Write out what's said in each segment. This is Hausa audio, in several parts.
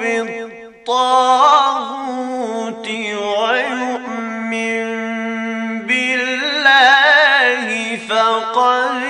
بالطاغوت ويؤمن بالله فقد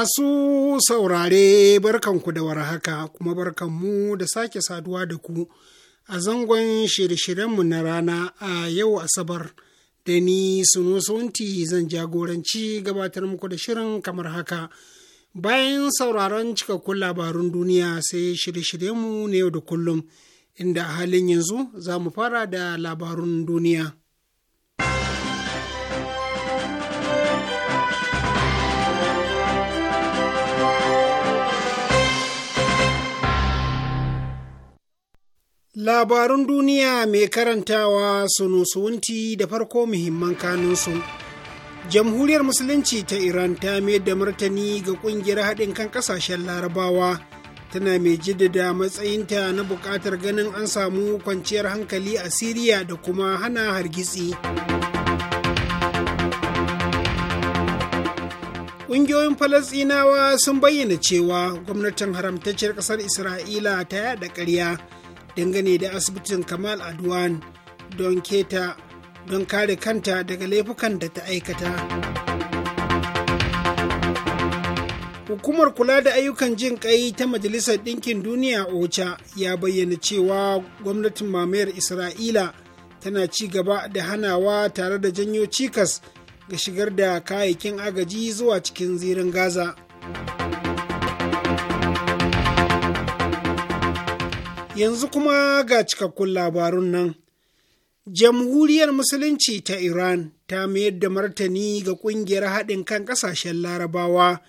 Masu saurare barkanku da warhaka kuma barkanmu da sake saduwa da ku a zangon shirye-shiryenmu na rana a yau Asabar da ni sunusunti zan jagoranci gabatar muku da shirin kamar haka. Bayan sauraron cikakkun labarun duniya sai shirye-shiryenmu na yau da kullum inda halin yanzu za mu fara da labarun duniya. Labarun duniya mai karantawa su suwunti da farko muhimman kanunsu. Jamhuriyar Musulunci ta Iran ta mayar da martani ga kungiyar haɗin kan ƙasashen Larabawa, tana mai jaddada matsayinta na buƙatar ganin an samu kwanciyar hankali a Siriya da kuma hana hargitsi. ƙungiyoyin falasɗinawa sun bayyana cewa gwamnatin haramtacciyar ƙasar isra'ila ta yaɗa ƙarya dangane da asibitin kamal adwan don keta don kare kanta daga laifukan da ta aikata hukumar kula da ayyukan jin kai ta majalisar ɗinkin duniya ocha ya bayyana cewa gwamnatin mamayar isra'ila tana ci gaba da hanawa tare da janyo cikas ga shigar da kayayyakin agaji zuwa cikin zirin gaza. Yanzu kuma ga cikakkun labarun nan. Jamhuriyar Musulunci ta Iran ta mayar da martani ga kungiyar haɗin kan ƙasashen Larabawa,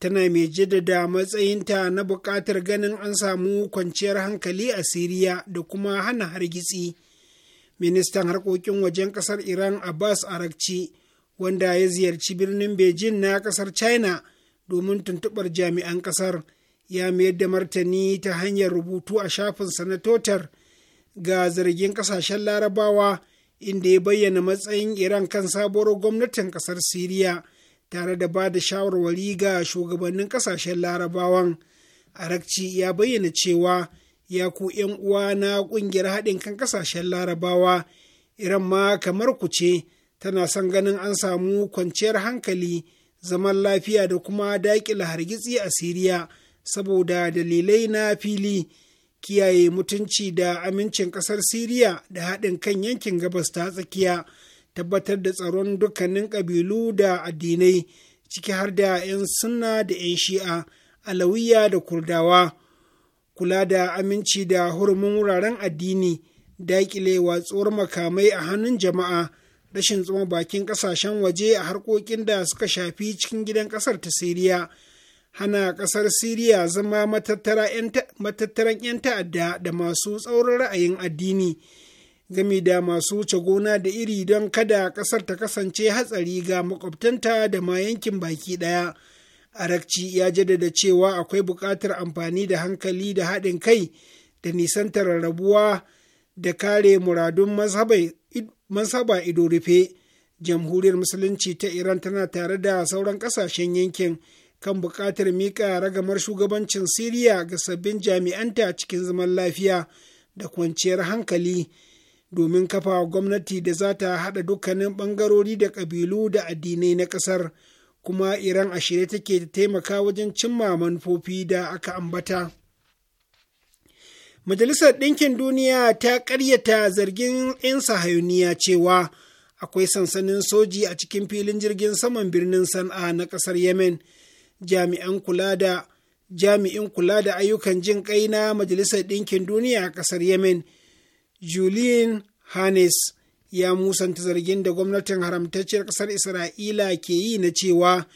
tana mai jaddada matsayinta na buƙatar ganin an samu kwanciyar hankali a Siriya da kuma hana hargitsi. Ministan harkokin wajen ƙasar Iran Abbas Arakci, wanda ya ziyarci birnin Beijing na ƙasar China domin tuntuɓar jami'an ƙasar. ya mayar da martani ta hanyar rubutu a shafin sanatotar ga zargin kasashen larabawa inda ya bayyana matsayin iran kan sabuwar gwamnatin kasar siriya tare da ba da shawarwari ga shugabannin kasashen larabawan arakci ya bayyana cewa ya ku yan uwa na kungiyar haɗin kan kasashen larabawa iran ma kamar ku ce tana son ganin an samu kwanciyar hankali zaman lafiya da kuma daƙila hargitsi a siriya saboda dalilai na fili kiyaye mutunci da amincin ƙasar siriya da haɗin kan yankin gabas ta tsakiya tabbatar da tsaron dukkanin ƙabilu da addinai ciki har da 'yan sunna da 'yan shi'a alawiya da kurdawa kula da aminci da hurumin wuraren addini daƙile watsuwar makamai a hannun jama'a rashin tsoma bakin ƙasashen waje a harkokin da suka shafi cikin gidan ƙasar ta siriya hana ƙasar Siriya zama matattaran 'yan ta'adda da masu tsaurin ra'ayin addini gami da masu wuce gona da iri don kada ƙasar ta kasance hatsari ga makwabtanta da ma yankin baki ɗaya. Arakci ya jaddada cewa akwai buƙatar amfani da hankali da haɗin kai da nisantar rarrabuwa da kare muradun mazhaba ido rufe. Jamhuriyar Musulunci ta Iran tana tare da sauran ƙasashen yankin. kan buƙatar miƙa ragamar shugabancin siriya ga sabbin jami'anta cikin zaman lafiya da kwanciyar hankali domin kafa gwamnati da za ta haɗa dukkanin ɓangarori da ƙabilu da addinai na ƙasar kuma iran a shirye take ta taimaka wajen cimma manufofi da aka ambata majalisar ɗinkin duniya ta ƙaryata zargin 'yan sahayuniya cewa akwai sansanin soji a cikin filin jirgin saman birnin sana'a na ƙasar yemen jami'an kula da jami'in kula da ayyukan jin kai na majalisar ɗinkin duniya a ƙasar yemen julian hannes ya musanta zargin da gwamnatin haramtacciyar ƙasar isra'ila ke yi na cewa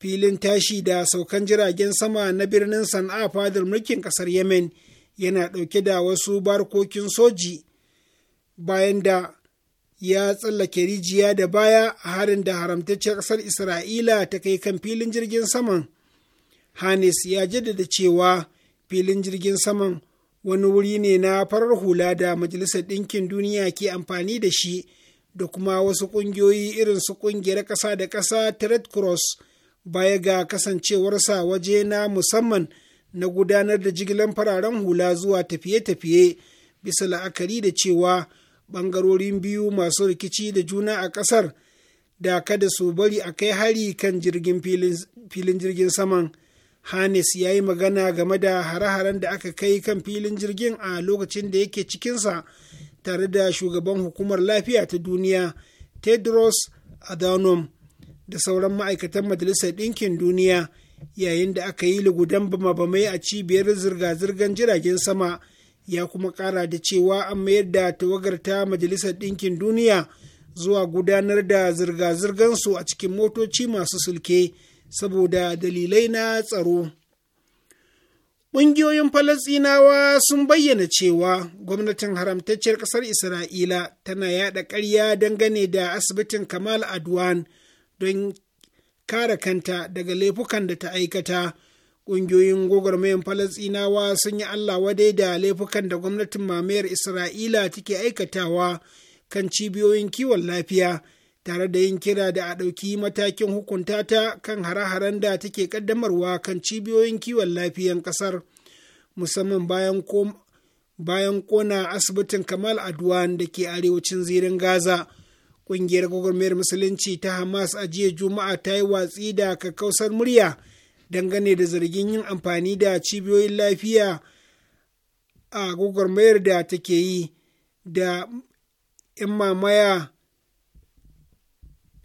filin tashi da saukan jiragen sama na birnin sana'a fadar mulkin ƙasar yemen yana ɗauke da wasu barkokin soji bayan da ya tsallake rijiya da baya a harin da haramtacciyar ƙasar isra'ila ta kai kan filin jirgin saman hanes ya jaddada cewa filin jirgin saman wani wuri ne na farar hula da majalisar ɗinkin duniya ke amfani da shi da kuma wasu ƙungiyoyi irin su ƙungiyar ƙasa da ƙasa ta red cross baya ga kasancewarsa waje na musamman na gudanar da jigilar fararen hula zuwa tafiye-tafiye bisa la'akari da cewa ɓangarorin biyu masu rikici da juna a ƙasar da kada su bari a kai hari kan jirgin filin jirgin saman hannes ya yi magana game da hare-haren da aka kai kan filin jirgin a lokacin da yake cikinsa tare da shugaban hukumar lafiya ta duniya tedros adhanom da sauran ma'aikatan majalisar ɗinkin duniya yayin da aka yi lugudan bama-bamai a cibiyar zirga-zirgar jiragen sama ya kuma ƙara da cewa an mayar da tawagar ta majalisar ɗinkin duniya zuwa gudanar da zirga-zirgansu a cikin motoci masu sulke saboda dalilai na tsaro ƙungiyoyin falasinawa sun bayyana cewa gwamnatin haramtacciyar ƙasar isra'ila tana yaɗa ƙarya dangane da asibitin kamal adwan don kare kanta daga laifukan da ta aikata ƙungiyoyin gwagwarmayan falasinawa sun yi allah wadai da laifukan da gwamnatin mamayar isra'ila take aikatawa kan cibiyoyin kiwon lafiya tare da yin kira da a ɗauki matakin hukunta ta kan hare-haren da take ƙaddamarwa kan cibiyoyin kiwon lafiyan ƙasar musamman bayan bayan kona asibitin kamal adwan da ke arewacin zirin gaza ƙungiyar gwagwarmayar musulunci ta hamas a jiya juma'a ta yi watsi da kakkausar murya dangane da zargin yin amfani da cibiyoyin lafiya a gwagwarmayar da take yi da 'yan mamaya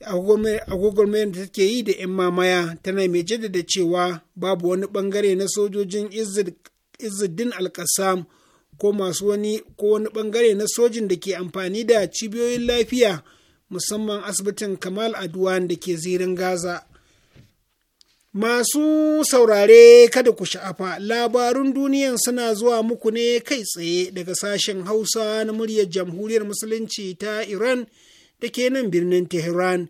a gwagwarmayar da take yi da 'yan mamaya tana mai jaddada cewa babu wani bangare na sojojin izidin alkasam ko masu wani ko wani bangare na sojin da ke amfani da cibiyoyin lafiya musamman asibitin kamal adwan da ke zirin gaza Masu saurare kada ku sha'afa labarun duniyan suna zuwa muku ne kai tsaye daga sashen Hausa na muryar Jamhuriyar Musulunci ta Iran da ke nan birnin Tehran.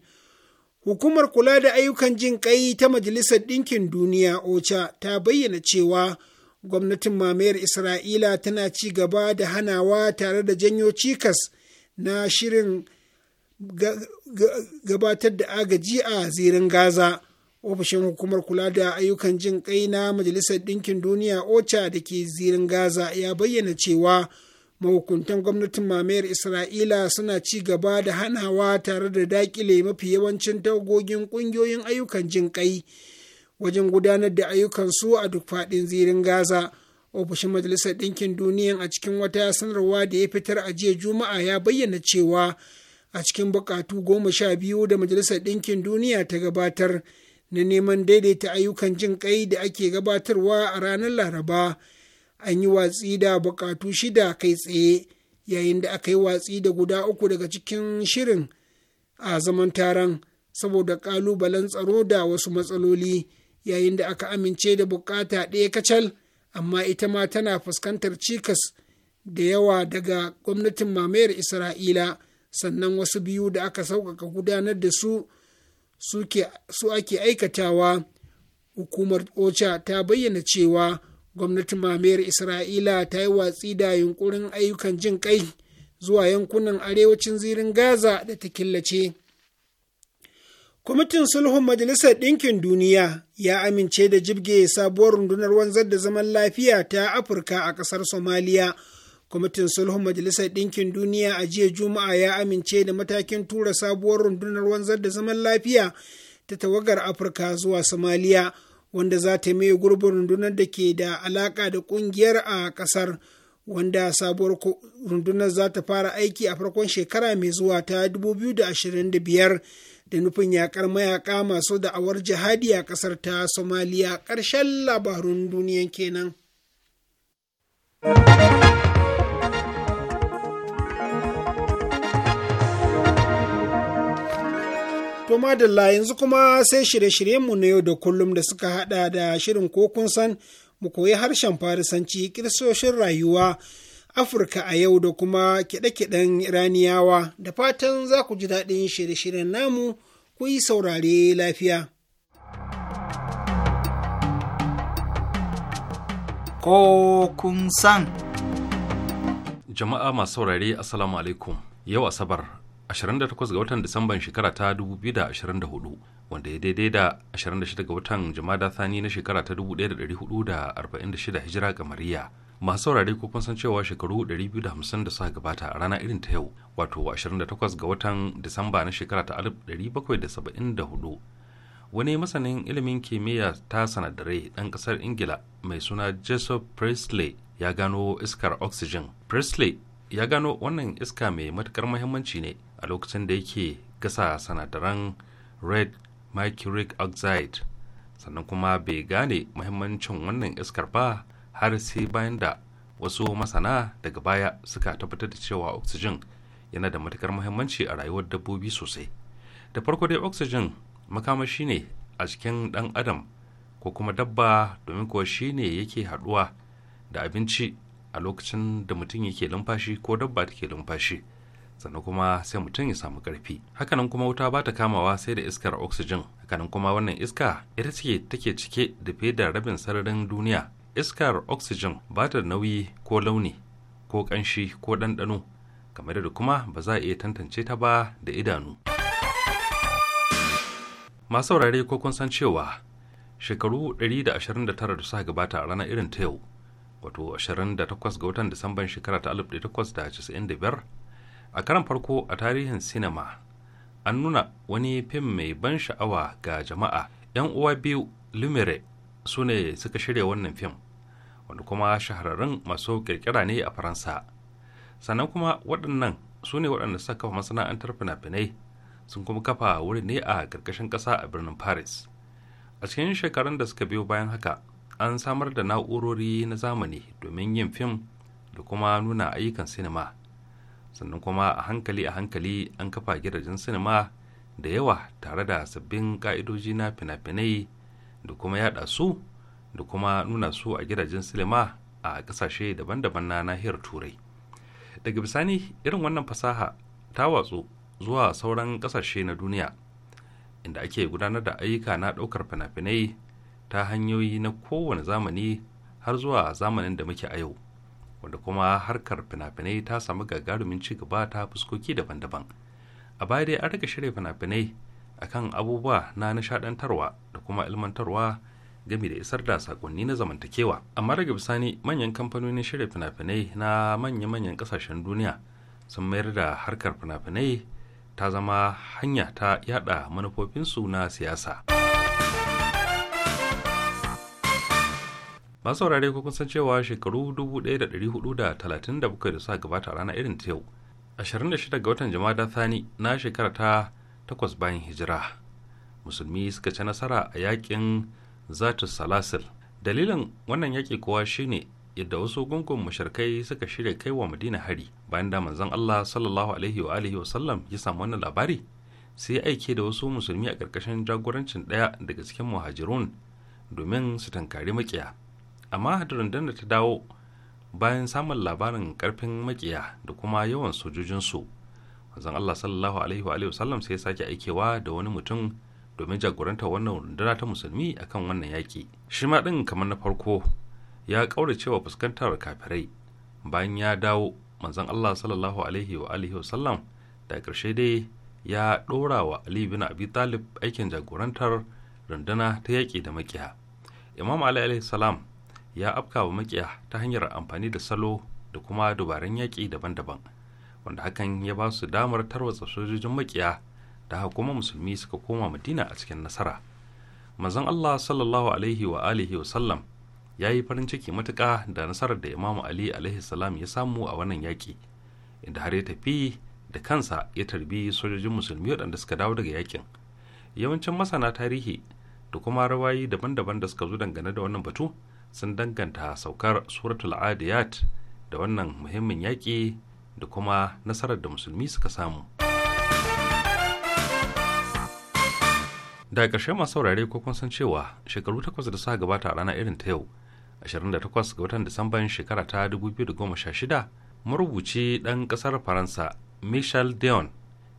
Hukumar kula da ayyukan jin ƙai ta Majalisar Ɗinkin Duniya OCHA ta bayyana cewa gwamnatin mamayar Isra'ila tana ci gaba da hanawa tare da janyo cikas na shirin gabatar da agaji a zirin Gaza. ofishin hukumar kula da ayyukan jin kai na majalisar ɗinkin duniya ocha da ke zirin gaza ya bayyana cewa mahukuntan gwamnatin mamayar isra'ila suna ci gaba da hanawa tare da dakile mafi yawancin tagogin ƙungiyoyin ayyukan jin kai wajen gudanar da ayyukansu a duk faɗin zirin gaza ofishin majalisar ɗinkin duniya a cikin wata sanarwa da ya fitar a jiya juma'a ya bayyana cewa a cikin buƙatu goma sha biyu da majalisar ɗinkin duniya ta gabatar na neman daidaita ayyukan jin kai da ake gabatarwa a ranar laraba an yi watsi da bukatu shida kai tsaye yayin da aka yi watsi da guda uku daga cikin shirin a zaman taron saboda kalubalen tsaro da wasu matsaloli yayin da aka amince da bukata ɗaya kacal amma ita ma tana fuskantar cikas da yawa daga gwamnatin mamayar isra'ila sannan wasu biyu da aka sauƙaƙa gudanar da su su ake aikatawa hukumar ocha ta bayyana cewa gwamnatin mamayar isra'ila ta yi watsi da yunkurin ayyukan jin kai zuwa yankunan arewacin zirin gaza da ta killace kwamitin sulhun majalisar ɗinkin duniya ya amince da jibge sabuwar rundunar wanzar da zaman lafiya ta afirka a ƙasar somaliya kwamitin sulhun majalisar ɗinkin duniya a jiya juma'a ya amince da matakin tura sabuwar rundunar wanzar da zaman lafiya ta tawagar afirka zuwa somaliya wanda za ta mai gurbin rundunar da ke da alaƙa da ƙungiyar a ƙasar wanda sabuwar rundunar za ta fara aiki a farkon shekara mai zuwa ta 2025 da nufin yakar mayaka masu da'awar jihadi a ƙasar ta somaliya ƙarshen labarun duniya kenan. To madalla yanzu kuma sai shirye-shiryenmu na yau da kullum da suka hada da shirin ko kun san mu koyi harshen farisanci kirsoshin rayuwa Afirka a yau da kuma kiɗe-kiɗen Iraniyawa da fatan za ku ji daɗin shirye-shiryen namu ku yi saurare lafiya. Ko kun san. Jama'a masu saurare asalamu alaikum yau Asabar 28 ga watan Disamban shekara ta 2024 wanda ya daidai da 26 ga watan Jumada Thani na shekara ta 1446 Hijira Mariya. Masu saurare ko kun san cewa shekaru 250 da suka gabata a rana irin ta yau, wato 28 ga watan Disamba na shekara ta 1774. Wani masanin ilimin kimiyya ta sanadare ɗan ƙasar Ingila mai suna Joseph Presley ya gano iskar oxygen. Presley ya gano wannan iska mai matukar muhimmanci ne a lokacin da yake gasa sanadaran red mercuric oxide sannan kuma bai gane muhimmancin wannan iskar ba har sai bayan da wasu masana daga baya suka tabbatar da cewa oxygen yana da matukar mahimmanci a rayuwar dabbobi sosai da farko dai oxygen makamashi ne a cikin dan adam ko kuma dabba domin kuwa shi ne yake haduwa da abinci a lokacin da mutum yake lumfashi ko dabba take lumfashi sannan kuma sai mutum ya samu karfi hakanan kuma wuta ba ta kamawa sai da iskar oxygen hakanan kuma wannan iska ita ce take cike da fiye da rabin sararin duniya iskar oxygen ba ta da nauyi ko launi ko ƙanshi ko ɗanɗano kamar da kuma ba za a iya tantance ta ba da idanu masu saurare ko kun san cewa shekaru 129 da suka gabata a ranar irin ta yau wato 28 ga watan disamban shekara ta 1895 a karan farko a tarihin sinima an nuna wani fim mai ban sha'awa ga jama'a 'yan uwa biyu lumire su ne suka shirya wannan fim wanda kuma shahararrun masu kirkira ne a faransa sannan kuma waɗannan su ne waɗanda suka kafa masana'antar fina-finai sun kuma kafa wuri ne a ƙarƙashin ƙasa a birnin paris a cikin shekarun da suka biyo bayan haka an samar da na'urori na zamani domin yin fim da kuma nuna ayyukan sinima sannan kuma a hankali a hankali an kafa gidajen sinima da yawa tare da sabbin ka'idoji na fina-finai da kuma yada su da kuma nuna su a gidajen sinima a kasashe daban-daban na nahiyar turai daga bisani irin wannan fasaha ta watsu zuwa sauran kasashe na duniya inda ake gudanar da ayyuka na ɗaukar fina-finai ta hanyoyi na kowane zamani har zuwa zamanin da muke a yau wanda kuma harkar fina-finai ta samu gagarumin ci gaba ta fuskoki daban-daban a baya dai an rika shirya fina-finai akan abubuwa na nishadantarwa da kuma ilmantarwa game da isar da sakonni na zamantakewa amma daga bisani manyan kamfanonin shirya fina-finai na manya-manyan kasashen duniya sun mayar da harkar fina-finai ta zama hanya ta yada manufofinsu na siyasa. masu saurare ko kun san cewa shekaru 1437 da suka gabata a irin ta yau 26 ga watan da thani na shekara ta takwas bayan hijira musulmi suka ci nasara a yakin zatu salasil dalilin wannan yaki kuwa shine yadda wasu gungun mashirkai suka shirya kai wa madina hari bayan da manzon allah sallallahu alaihi wa alihi wasallam ya samu wannan labari sai aike da wasu musulmi a ƙarƙashin jagorancin ɗaya daga cikin muhajirun domin su tankari makiya amma da rundunar ta dawo bayan samun labarin karfin makiya da kuma yawan sojojinsu manzon Allah sallallahu alaihi wa wasallam sai ya sake aikewa da wani mutum domin jagoranta wannan runduna ta musulmi akan wannan yaƙi shi ma ɗin kamar na farko ya ƙauracewa fuskantar kafirai bayan ya dawo manzon Allah sallallahu alaihi wa alihi wasallam da ƙarshe dai ya ɗora wa Ali bin Abi Talib aikin jagorantar runduna ta yaƙi da makiya Imam Ali alaihi salam ya afka wa makiya ta hanyar amfani da salo da kuma dubaran yaƙi daban-daban wanda hakan ya ba su damar tarwatsa sojojin makiya da haka musulmi suka koma madina a cikin nasara manzon allah sallallahu alaihi wa alihi wa sallam ya yi farin ciki matuƙa da nasarar da imamu ali alaihi salam ya samu a wannan yaƙi inda har ya tafi da kansa ya tarbi sojojin musulmi waɗanda suka dawo daga yaƙin. yawancin masana tarihi da kuma rawayi daban-daban da suka zo dangane da wannan batu sun danganta saukar suratul adiyat da wannan muhimmin yaƙi da kuma nasarar da musulmi suka samu da ƙarshe masu saurare ko kun san cewa shekaru takwas da suka gabata a ranar irin ta yau 28 ga watan disamban shekara ta 2016 marubuci ɗan ƙasar faransa michel dion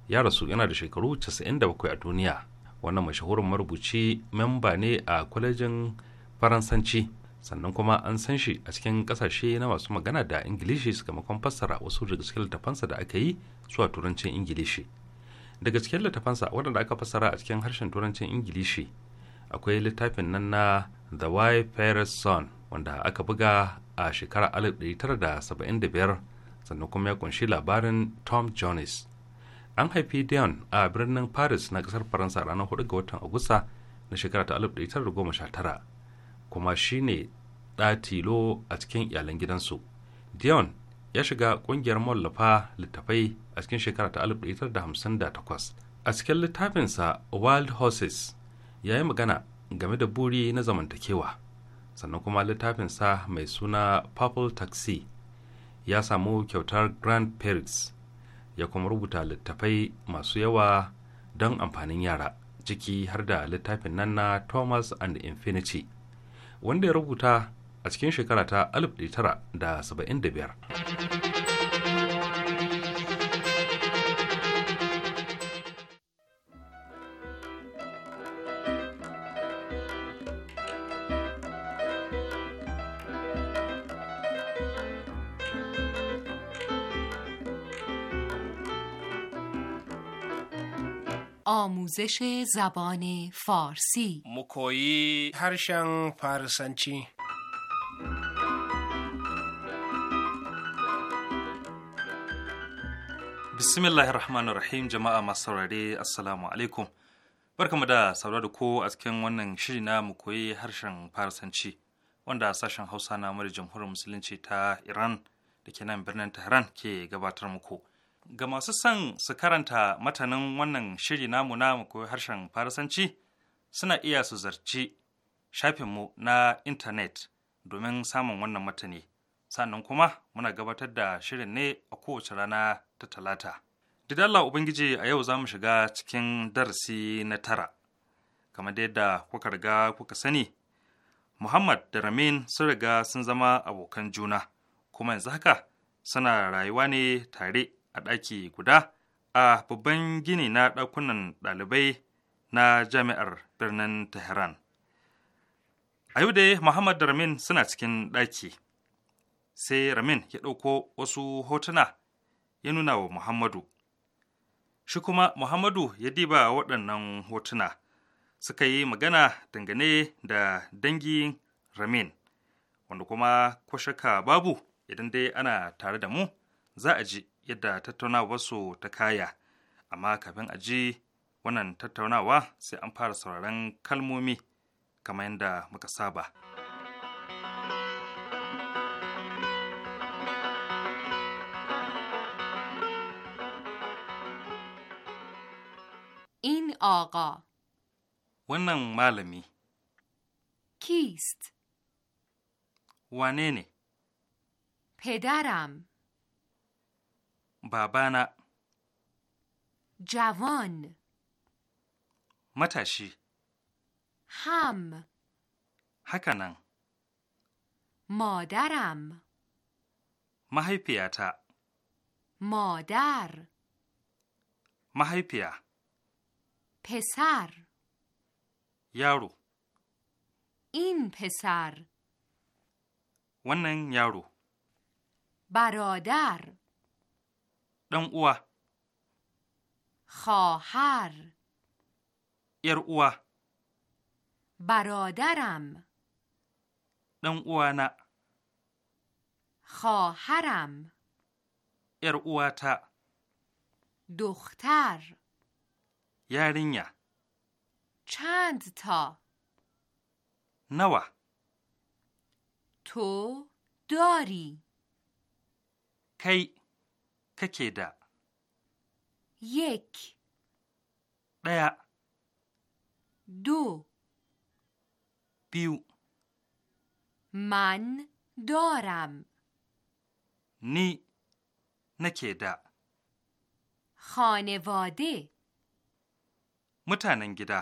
ya rasu yana da shekaru 97 a duniya wannan mashahurin marubuci memba ne a kwalejin faransanci sannan kuma an san shi a cikin kasashe na masu magana da ingilishi sakamakon fassara wasu daga cikin littafansa da aka yi zuwa turancin ingilishi daga cikin littafansa waɗanda aka fassara a cikin harshen turancin ingilishi akwai littafin nan na the white paris son wanda aka buga a shekarar 1975 sannan kuma ya kunshi labarin tom jones an haifi dion a birnin paris na kasar faransa ranar 4 ga watan agusta na shekara ta 1919 kuma shi ne tilo a cikin iyalan gidansu dion ya shiga ƙungiyar mallafa littafai a cikin shekara ta 1958 a cikin littafinsa wild horses ya yi magana game da buri na zamantakewa sannan kuma littafinsa mai suna purple taxi ya samu kyautar grand prix ya kuma rubuta littafai masu yawa don amfanin yara ciki har da littafin nan na thomas and infinity wanda ya rubuta a cikin shekara ta 1975 آموزش زبان فارسی مکویی هرشن فارسنچی بسم الله الرحمن الرحیم جماعه مسارare assalamu alaikum barkamu da saurari ko a cikin wannan shiri na mu koyi harshen farasanci wanda sashen hausa na mara jamhuriyar musulunci ta iran da ke nan birnin tehran ke gabatar muku ga masu son su karanta matanin wannan shiri namu na koyi harshen farasanci suna iya su zarci shafinmu na intanet domin samun wannan matani sannan kuma muna gabatar da shirin ne a kowace rana ta talata didalla ubangiji a yau za mu shiga cikin darasi na tara kamar da yadda kuka riga kuka sani muhammad da ramin sun riga sun zama abokan juna kuma yanzu haka suna rayuwa ne tare a ɗaki guda a babban gini na ɗakunan ɗalibai na jami'ar birnin Tehran. A yau dai Muhammad da Ramin suna cikin ɗaki. Sai Ramin ya ɗauko wasu hotuna ya nuna wa Muhammadu. Shi kuma Muhammadu ya diba waɗannan hotuna suka yi magana dangane da dangin Ramin, wanda kuma ko babu idan dai ana tare da mu za a ji yadda tattaunawa tattaunawarsu ta kaya amma kafin a ji wannan tattaunawa sai an fara sauraron kalmomi kamar yadda muka saba. in aga wannan malami kist wane ne babana javon matashi ham hakanan madaram mahaifiyata madar mahaifiya pesar yaro in pesar wannan yaro barodar ɗan uwa خواهر یر اوه برادرم دن اوه خواهرم یر اوه تا دختر یارینیا چند تا نوا تو داری کی kake da? Yek. Ɗaya. Do. Biyu. Man doram. Ni nake da. Khanevade. Mutanen gida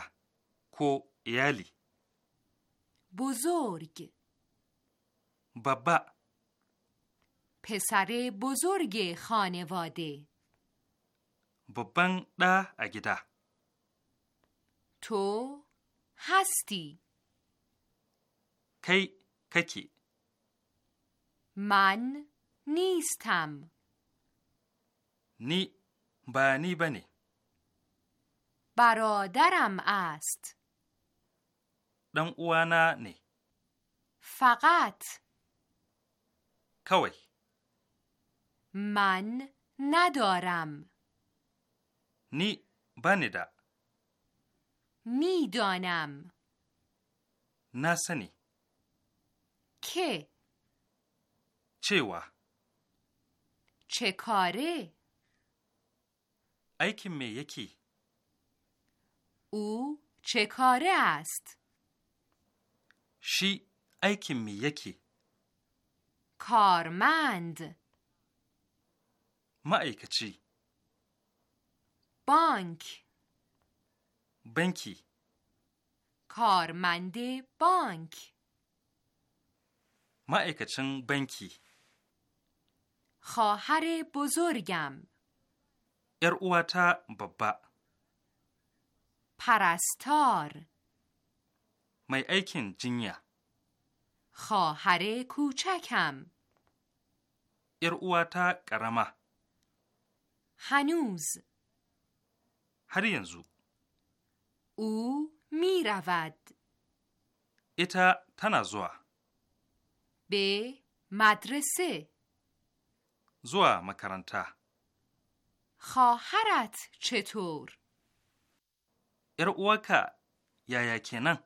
ko iyali. Bozorg. Babba. پسر بزرگ خانواده بوبن ده اگیدا تو هستی کی ککی من نیستم نی بانی بنی برادرم است دم اوانا نی فقط کوی من ندارم نی بانیدا میدانم نسنی که چیوا چه کاره ای می یکی او چه کاره است شی ای می یکی کارمند ما bank چی؟ بانک. بنکی. کارمند بانک. ما خواهر بزرگم. ارواتا بابا. پرستار. ما ایکن جنیا. خواهر کوچکم. ارواتا کرما. هنوز هر ینزو او می رود ایتا به مدرسه زوا مکرانتا خواهرت چطور؟ ارواکا اوکا یا یا کنن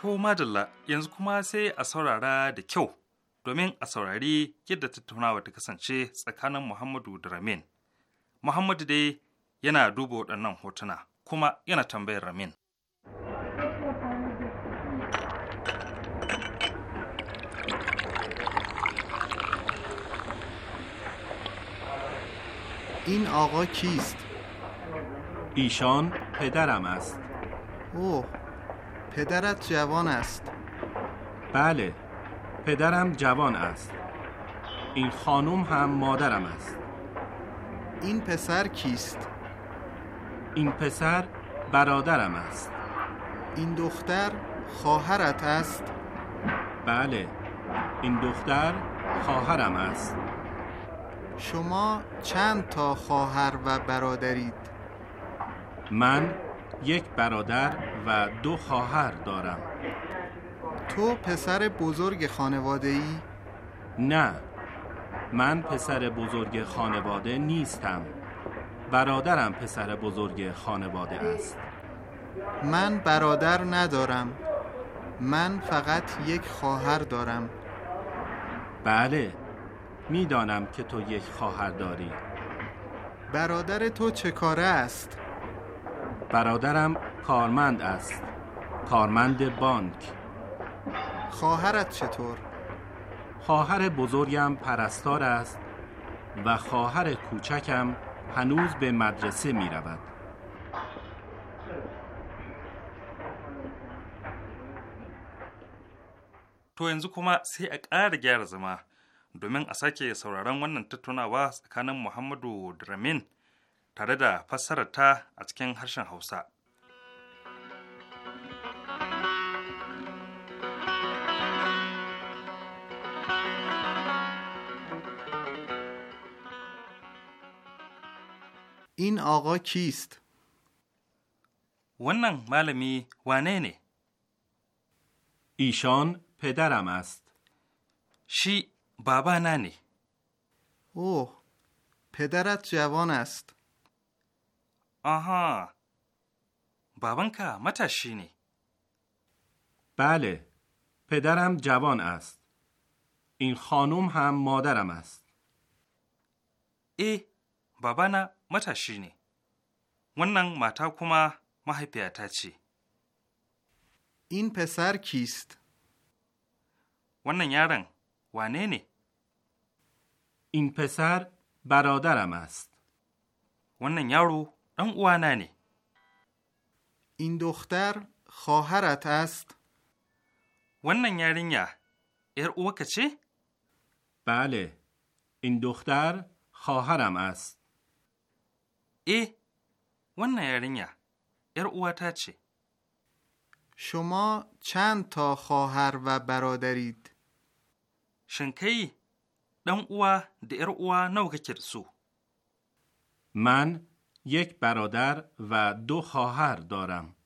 To madalla yanzu kuma sai a saurara da kyau domin a saurari yadda tattaunawa ta kasance tsakanin Muhammadu da Ramin. Muhammadu dai yana duba waɗannan hotuna kuma yana tambayar Ramin. این آقا کیست؟ ایشان پدرم است. اوه پدرت جوان است بله پدرم جوان است این خانم هم مادرم است این پسر کیست؟ این پسر برادرم است این دختر خواهرت است؟ بله این دختر خواهرم است شما چند تا خواهر و برادرید؟ من یک برادر و دو خواهر دارم تو پسر بزرگ خانواده ای؟ نه من پسر بزرگ خانواده نیستم برادرم پسر بزرگ خانواده است من برادر ندارم من فقط یک خواهر دارم بله میدانم که تو یک خواهر داری برادر تو چه کاره است؟ برادرم کارمند است کارمند بانک خواهرت چطور؟ خواهر بزرگم پرستار است و خواهر کوچکم هنوز به مدرسه می رود. تو yanzu kuma sai a ƙara gyara zama domin a sake sauraron wannan tattaunawa tsakanin Muhammadu tare da ta a cikin harshen Hausa. In آقا کیست؟ wannan malami wane ne? ایشان پدرم است. شی بابا نه نی. اوه پدرت Aha, babanka matashi ne. Bale, pedaram jawan ast. In khanum ham madaram ast. E, babana matashi ne. Wannan mata kuma mahaifiyata ce. In pesar kist. Wannan yaron wane ne? In pesar برادرم است. وانن یارو ام اوانانی این دختر خواهرت است ونن یارینیا ار او چه بله این دختر خواهرم است ای ونن یارینیا ار اواتا چی؟ شما چند تا خواهر و برادرید شنکی دن اوا د ایر اوا نو سو من یک برادر و دو خواهر دارم.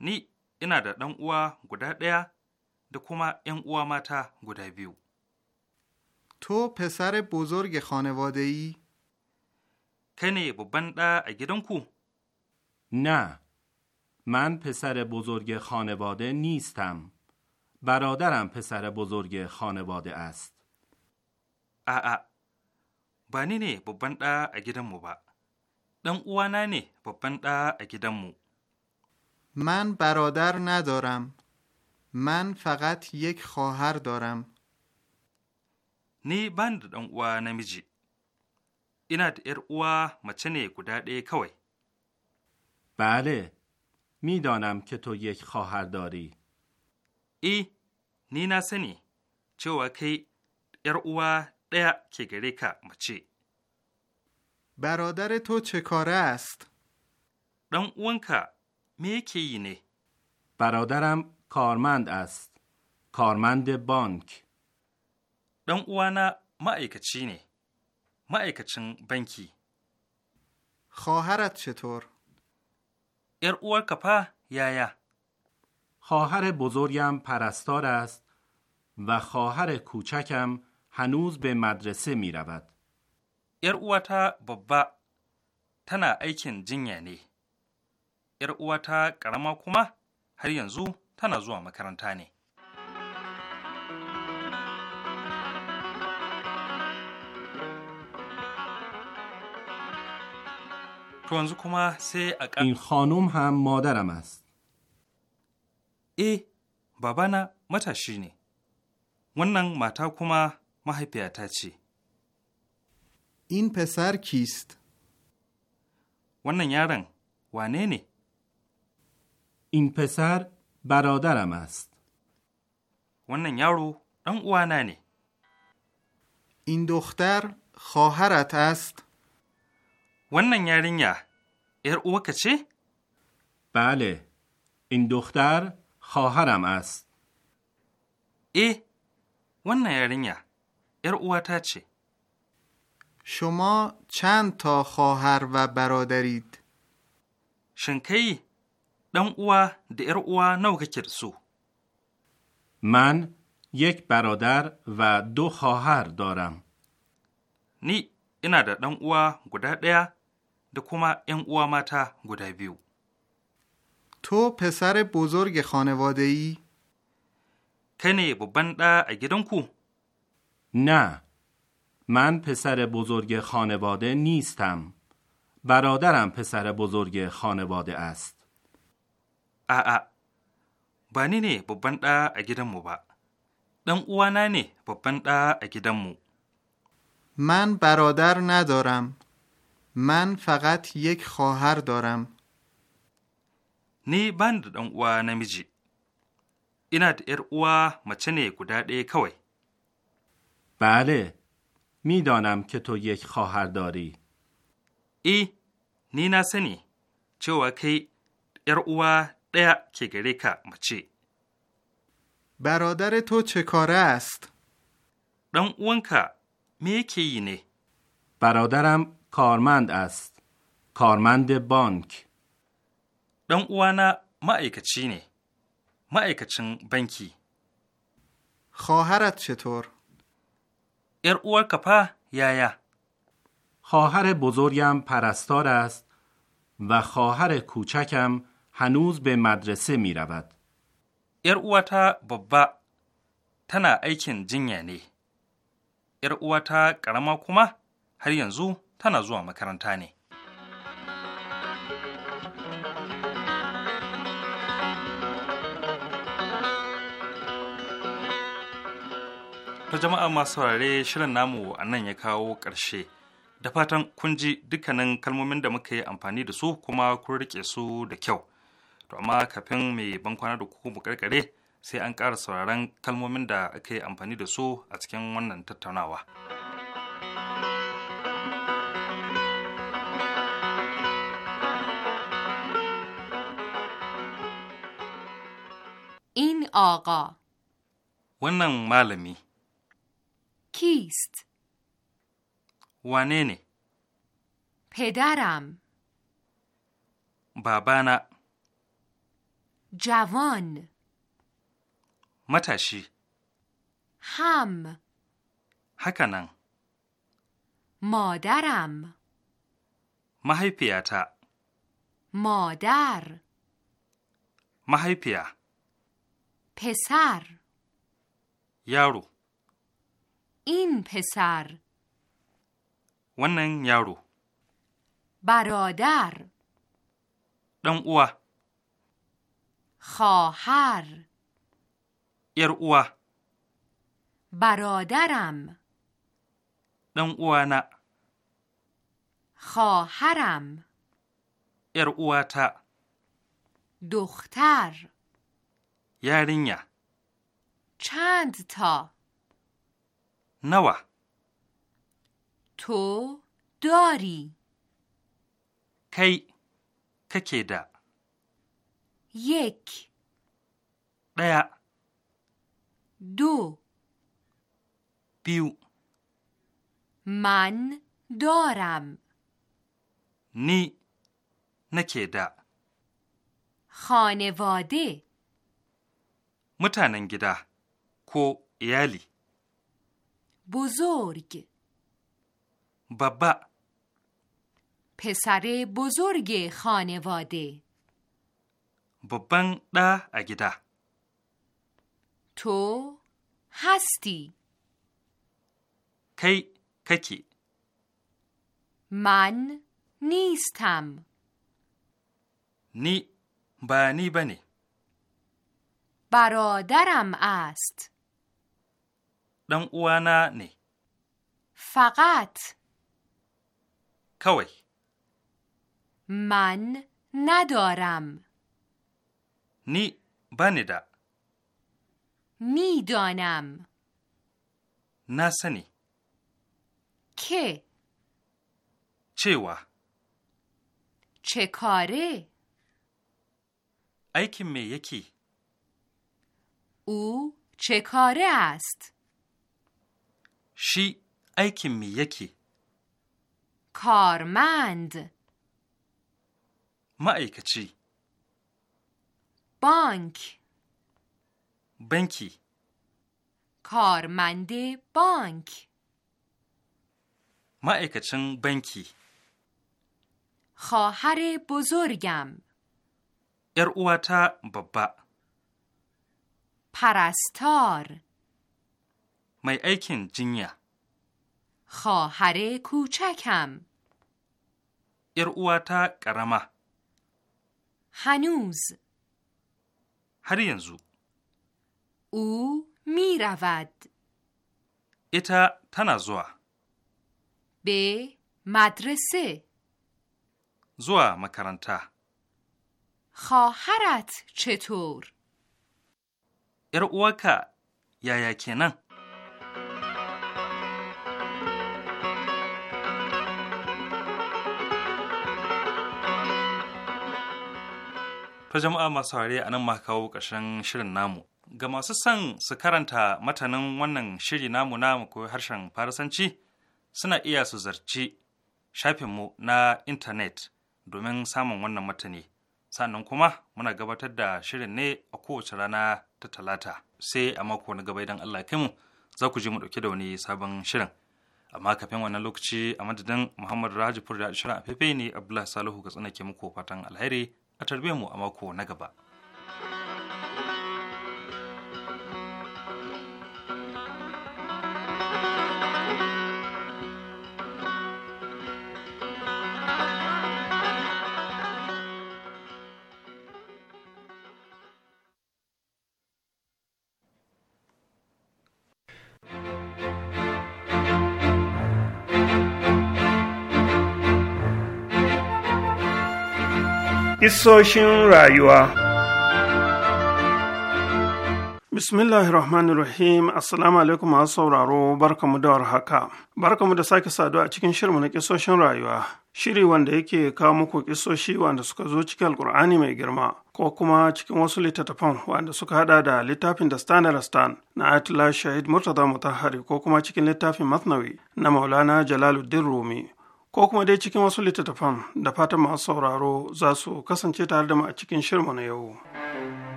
نی اینا دا دان اوا گودا دیا da این ‘yan uwa گوده گودا بیو. تو پسر بزرگ خانواده ای؟ کنی با گیدنکو اگیدن کو؟ نه. من پسر بزرگ خانواده نیستم. برادرم پسر بزرگ خانواده است. آ آ. بانی نی با بند اگیدن مو با. دن اوانا نه بابن دا اگیدمو من برادر ندارم من فقط یک خواهر دارم نی بند دن اوا نمیجی اینا دا ار اوا مچه کوی بله میدانم که تو یک خواهر داری ای نی نسنی چه وکی ار اوا ده که برادر تو چه کاره است؟ دان که می نه برادرم کارمند است کارمند بانک دان اوانا مa'aikaci نه ma'aikacin بانکی خواهرت چطور؟ ار پا کپا یا؟ خواهر بزرگم پرستار است و خواهر کوچکم هنوز به مدرسه می رود. ‘Yar uwata babba tana aikin jinya ne, ‘yar uwata ƙarama kuma har yanzu tana zuwa makaranta ne. تو انزو کما سه اقل این خانم هم مادرم است ای eh, بابانا ne wannan mata kuma mahaifiyata ce. این پسر کیست؟ ونن یارن وانه نه؟ این پسر برادرم است. ونن یارو رن وانه نه؟ این دختر خواهرت است؟ ونن یارن یا ار او چه؟ بله این دختر خواهرم است. ای ونن یارن یا ار تا چه؟ شما چند تا خواهر و برادرید؟ شنکی دن اوا دیر اوا نو سو من یک برادر و دو خواهر دارم نی اینا دا دم اوا گودا دیا da این اوا ماتا گودا guda تو پسر بزرگ خانواده ای؟ کنی ببند babban ɗa نه نه. من پسر بزرگ خانواده نیستم. برادرم پسر بزرگ خانواده است. آه بانی نه ببند اگیدم مو با. دم اوانه نه ببند اگیدم مو. من برادر ندارم. من فقط یک خواهر دارم. نی بند دم اوانه می جی. ایناد ار اوانه مچنه کداده کوی بله، میدانم که تو یک خواهر داری ای نی نا سنی cewa kai ‘yar uwa ɗaya ke برادر تو چه کاره است؟ اون که می یکی نه؟ برادرم کارمند است. کارمند بانک. دن اوانا مa'aikaci ne. ma'aikacin بانکی خواهرت چطور؟ ار اور کپا یایا خواهر بزرگم پرستار است و خواهر کوچکم هنوز به مدرسه می رود. ار اوتا بابا تنا ایکن جنیا نه. ار اوتا کرما کما هر ینزو تنا زوا مکرانتا نه. ta jama'a masu saurare shirin namu a nan ya kawo ƙarshe da fatan kun ji dukkanin kalmomin da muka yi amfani da su kuma kun rike su da kyau to amma kafin mai bankwana da ku mu karkare sai an ƙara sauraron kalmomin da aka yi amfani da su a cikin wannan tattaunawa. این wannan malami کیست؟ وانینه پدرم بابانا جوان متشی هم هکنن مادرم مهیپیتا مادر مهیپیا پسر یارو این پسر ونن یارو برادر دن اوا خواهر یر اوا برادرم دن اوا نه خواهرم یر اوا تا دختر یارینیا چند تا نوه تو داری کی ککی دا یک دیا دو بیو من دارم نی نکی دا خانواده متانن گدا کو ایالی بزرگ بابا پسر بزرگ خانواده بابن دا اگیدا تو هستی کی ککی من نیستم نی بانی بانی برادرم است دان اوانا فقط کوی من ندارم نی بندا میدانم نسنی که چیوا چه کاره ایکی می یکی او چه کاره است شی ایکی می یکی کارمند ما چی؟ بانک بنکی کارمند بانک ما چن بنکی خواهر بزرگم ار ببا پرستار mai aikin jinya. Khahare kucakam. uwata ƙarama. Hanuz. Har yanzu. U miravad. Ita tana zuwa. Be madrasa. Zuwa makaranta. Khoharat cetur. Yar uwaka yaya kenan? ta jama'a masu haure a nan ma kawo ƙarshen shirin namu ga masu son su karanta matanin wannan shiri namu na koyi harshen farasanci suna iya su zarci shafinmu na intanet domin samun wannan matani sannan kuma muna gabatar da shirin ne a kowace rana ta talata sai a mako na gaba idan allah kai mu za ku je mu dauke da wani sabon shirin amma kafin wannan lokaci a madadin muhammad rajapur da shirin a ne abdullahi salihu ga tsanake muku fatan alheri a tarbe mu a mako na gaba. Isoshin rayuwa Bismillahir Rahmanir Rahim Assalamu alaikum masu sauraro barkamu da warhaka barkamu da sake saduwa a cikin shirmu na kisoshin rayuwa shiri wanda yake kawo muku kisoshi wanda suka zo cikin alkur'ani mai girma ko kuma cikin wasu littattafan wanda suka hada da littafin da stan stan na atla shahid murtaza mutahari ko kuma cikin littafin masnawi na maulana jalaluddin rumi ko kuma dai cikin wasu littattafan da fatan masu sauraro za su kasance tare da mu a cikin shirmu na yau.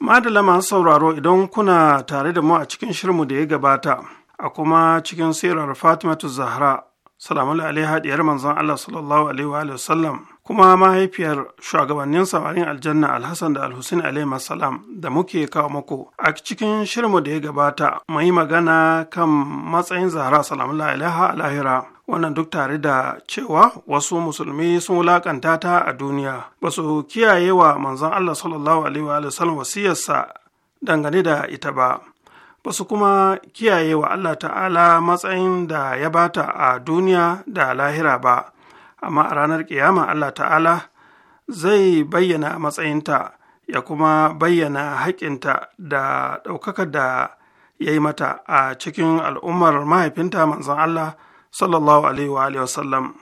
Madala masu sauraro idan kuna tare da mu a cikin shirmu da ya gabata, a kuma cikin sirar Fatimatu Zahra, salamu alaiha diyar manzon Allah sallallahu alaihi wa sallam, kuma mahaifiyar shugabannin samarin aljanna alhassan da alhussein alaihi salam da muke kawo muku a cikin shirmu da ya gabata mai magana kan matsayin zahra salamu la'ilaha alahira wannan duk tare da cewa wasu musulmi sun wulakanta ta a duniya ba su kiyaye wa manzon allah sallallahu alaihi wa sallam wasiyarsa dangane da ita ba ba su kuma kiyaye wa allah ta'ala matsayin da ya bata a duniya da lahira ba amma a ranar ƙiyama Allah ta'ala zai bayyana a matsayinta ya kuma bayyana haƙinta da ɗaukaka da ya yi mata a cikin al'ummar mahaifinta manzon Allah sallallahu alaihi wa wasallam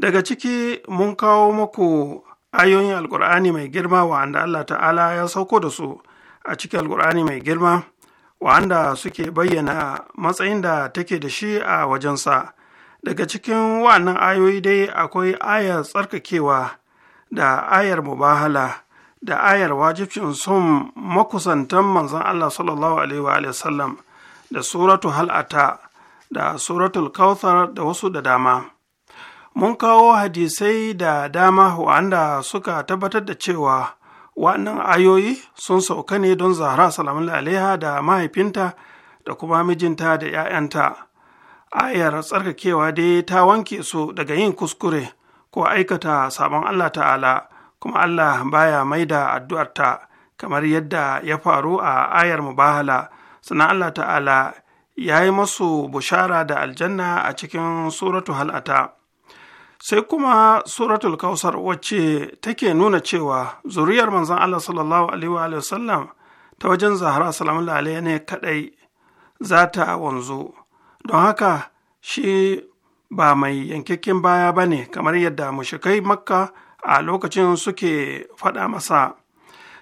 daga ciki mun kawo muku ayoyin alkur'ani mai girma wa'anda Allah ta'ala ya sauko da su a cikin alkur'ani mai girma wa'anda suke bayyana matsayin da take da shi a wajensa daga cikin wannan ayoyi dai akwai ayar tsarkakewa da ayar mubahala da ayar wajibcin sun makusantan manzon Allah sallallahu alaihi wa sallam da suratu hal'ata da suratul kauthar da wasu da dama mun kawo hadisai da dama wanda suka tabbatar da cewa wannan ayoyi sun sauka ne don zahra salamun alaiha da mahaifinta da kuma mijinta da 'ya'yanta ayar tsarkakewa dai ta wanke su daga yin kuskure ko aikata sabon Allah ta'ala kuma Allah baya mai maida addu'arta kamar yadda ya faru a ayar mubahala sannan Allah ta'ala ya yi masu bushara da aljanna a cikin suratu hal'ata sai kuma suratul kausar wacce take nuna cewa zuriyar manzon Allah sallallahu alaihi ta wajen zahra salamu ne kaɗai za ta wanzu don haka shi ba mai yankakken baya ba ne kamar yadda mushikai makka a lokacin suke faɗa masa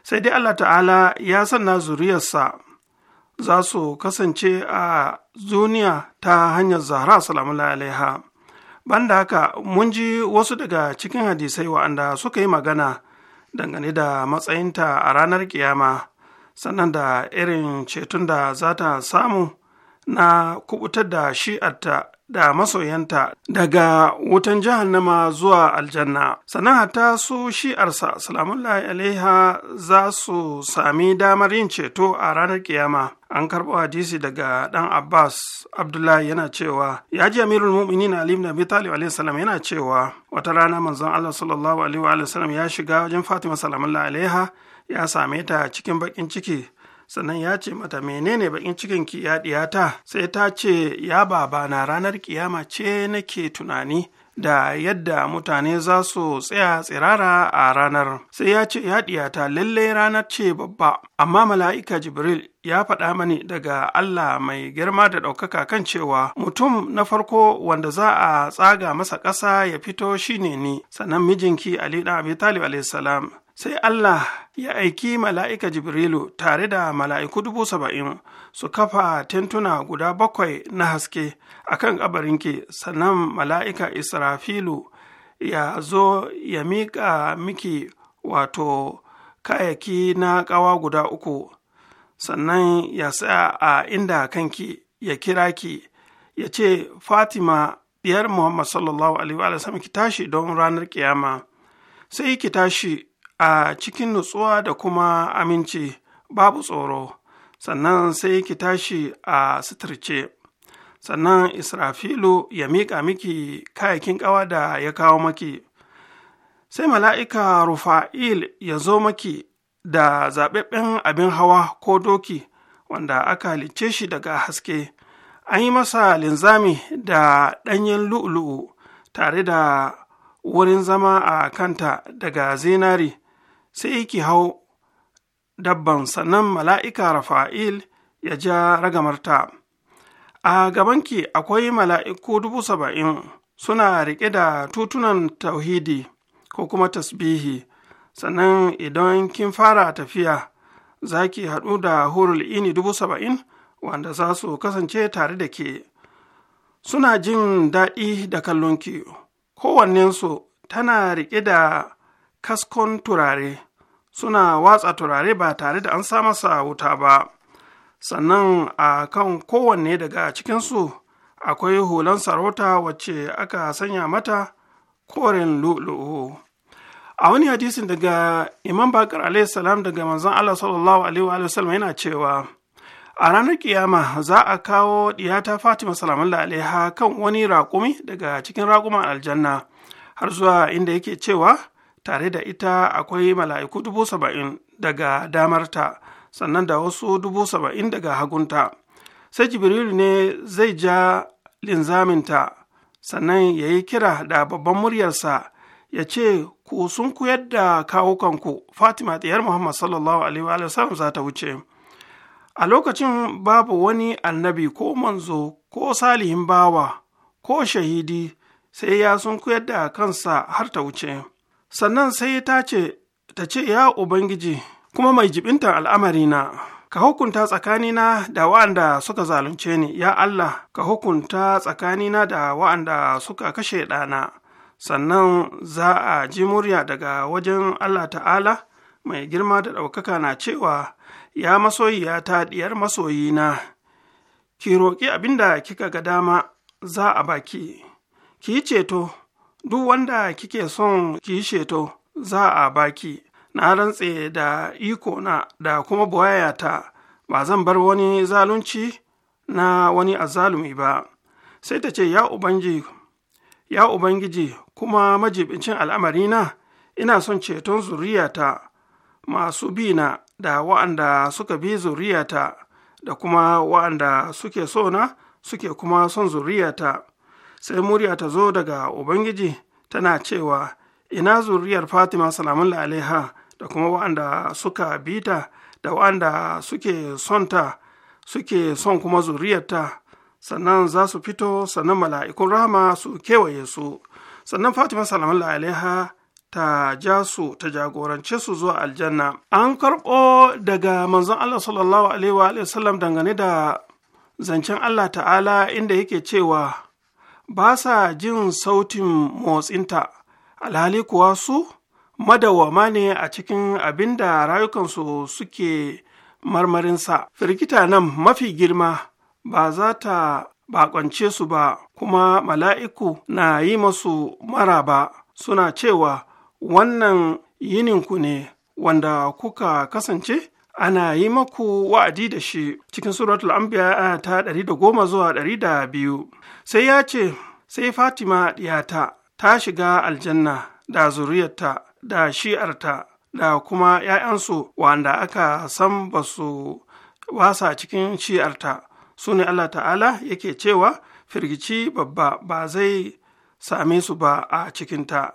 sai dai allah ta'ala ya sanna zuriyarsa za su kasance a duniya ta hanyar zahra salamu alaiha banda haka mun ji wasu daga cikin hadisai wa'anda suka yi magana dangane da matsayinta a ranar kiyama sannan da irin cetun da za ta samu na kubutar da shi'arta da masoyanta daga wutan jihar nama zuwa aljanna sannan hata su shi'arsa salamullahi alaiha za su sami damar yin ceto a ranar kiyama an karɓo hadisi daga ɗan abbas abdullahi yana cewa ya ji amirul mu'minin ali ibn abi talib alaihi salam yana cewa wata rana manzon allah sallallahu alaihi wa sallam ya shiga wajen fatima salamullahi alaiha ya same ta cikin bakin ciki sannan ya ce mata menene bakin cikin ki ya diyata sai ta ce ya baba na ranar kiyama ce nake tunani da yadda mutane za su tsaya tsirara a ranar sai ya ce ya diyata lallai ranar ce babba amma mala'ika jibril ya faɗa mani daga Allah mai girma da ɗaukaka kan cewa mutum na farko wanda za a tsaga masa ƙasa ya fito shine ni sannan mijinki Ali da Abi Talib alaihissalam sai Allah ya aiki mala'ika Jibrilu tare da mala'iku dubu saba'in su kafa tentuna guda bakwai na haske a kan ƙabarinki, sannan mala'ika Israfilu ya zo ya miƙa miki wato kayaki na ƙawa guda uku, sannan ya sa a inda kanki ya kira ki, ya ce, Fatima, ɗiyar Muhammad sallallahu Alaihi wasallam ki tashi don ranar ƙiyama, sai ki tashi a cikin nutsuwa da kuma aminci babu tsoro sannan sai ki tashi a suturce sannan israfilu ya miƙa miki kayakin ƙawa da ya kawo maki sai mala'ika rufa'il ya zo maki da zaɓaɓɓen abin hawa ko doki wanda aka halicce shi daga haske an yi masa linzami da ɗanyen lu'ulu'u tare da wurin zama a kanta daga zinari sai ki hau dabban sannan mala'ika Rafa'il ya ja ragamarta. A gabanki akwai mala'iku dubu saba'in suna riƙe da tutunan tauhidi ko kuma tasbihi, sannan idan kin fara tafiya za ki haɗu da hurul ini dubu saba'in wanda za su kasance tare da ke. Suna jin daɗi da kallonki, kowannensu tana riƙe da kaskon turare suna watsa turare ba tare da an sa masa wuta ba sannan a kan kowanne daga cikinsu akwai hulan sarauta wacce aka sanya mata koren lu'lu'u a wani hadisin daga imam bakar salam daga manzon allah sallallahu alaihi wa sallam yana cewa a ranar kiyama za a kawo diyata fatima salamun alaiha kan wani raƙumi daga cikin raƙuman aljanna har zuwa inda yake cewa tare da ita akwai mala'iku dubu saba'in daga damarta sannan da wasu dubu saba'in daga hagunta sai Jibril ne zai ja linzaminta sannan ya yi kira da babban muryarsa ya ce ku sun koyar da kawukanku fatima ɗiyar muhammad sallallahu alaihi wa sallam za ta wuce a lokacin babu wani annabi ko manzo ko salihin bawa ko shahidi sai ya sun koyar da kansa har ta wuce sannan sai ta ce ta ce ya ubangiji kuma mai jibintar al'amarina ka hukunta tsakanina da wa'anda suka zalunce ni ya allah ka hukunta tsakanina da wa'anda suka kashe ɗana sannan za a ji murya daga wajen allah ta'ala mai girma da ɗaukaka na cewa ya masoyiya ta ɗiyar masoyina ki roƙi abin da kika ga dama za a baki ki yi ceto duk wanda kike son ki sheto za a baki na rantse da iko na da kuma buwayata ba zan bar wani zalunci na wani azalumi ba sai ta ce ya ubangi ya ubangiji kuma majibincin al'amarina ina son ceton zuriyata masu bi na da wa'anda suka bi zuriyata da kuma wa'anda suke sona suke kuma son zuriyata sai murya ta zo daga ubangiji tana cewa ina zuriyar fatima salamun alaiha da kuma wa'anda suka bita da wa'anda suke sonta suke son kuma zuriyarta sannan za su fito sannan mala'ikun rahama su kewaye su sannan fatima salamun alaiha ta ja su ta jagorance su zuwa aljanna an karɓo daga manzon allah sallallahu alaihi wa sallam dangane da zancen allah ta'ala inda yake cewa ba sa jin sautin motsinta alhali kuwa su madawwama ne a cikin abin da rayukansu suke marmarinsa firgita nan mafi girma ba za ta baƙwance su ba kuma mala'iku na yi masu mara ba suna cewa wannan yininku ne wanda kuka kasance ana yi maku wa'adi da shi cikin suratul anbiya ta ɗari da goma zuwa ɗari da biyu. sai ya ce sai fatima ɗiyata ta shiga aljanna da zuriyarta da shi'arta da kuma ‘ya'yansu wanda aka san ba su wasa cikin shi'arta su ne Allah ta'ala yake cewa firgici babba ba zai same su ba a cikinta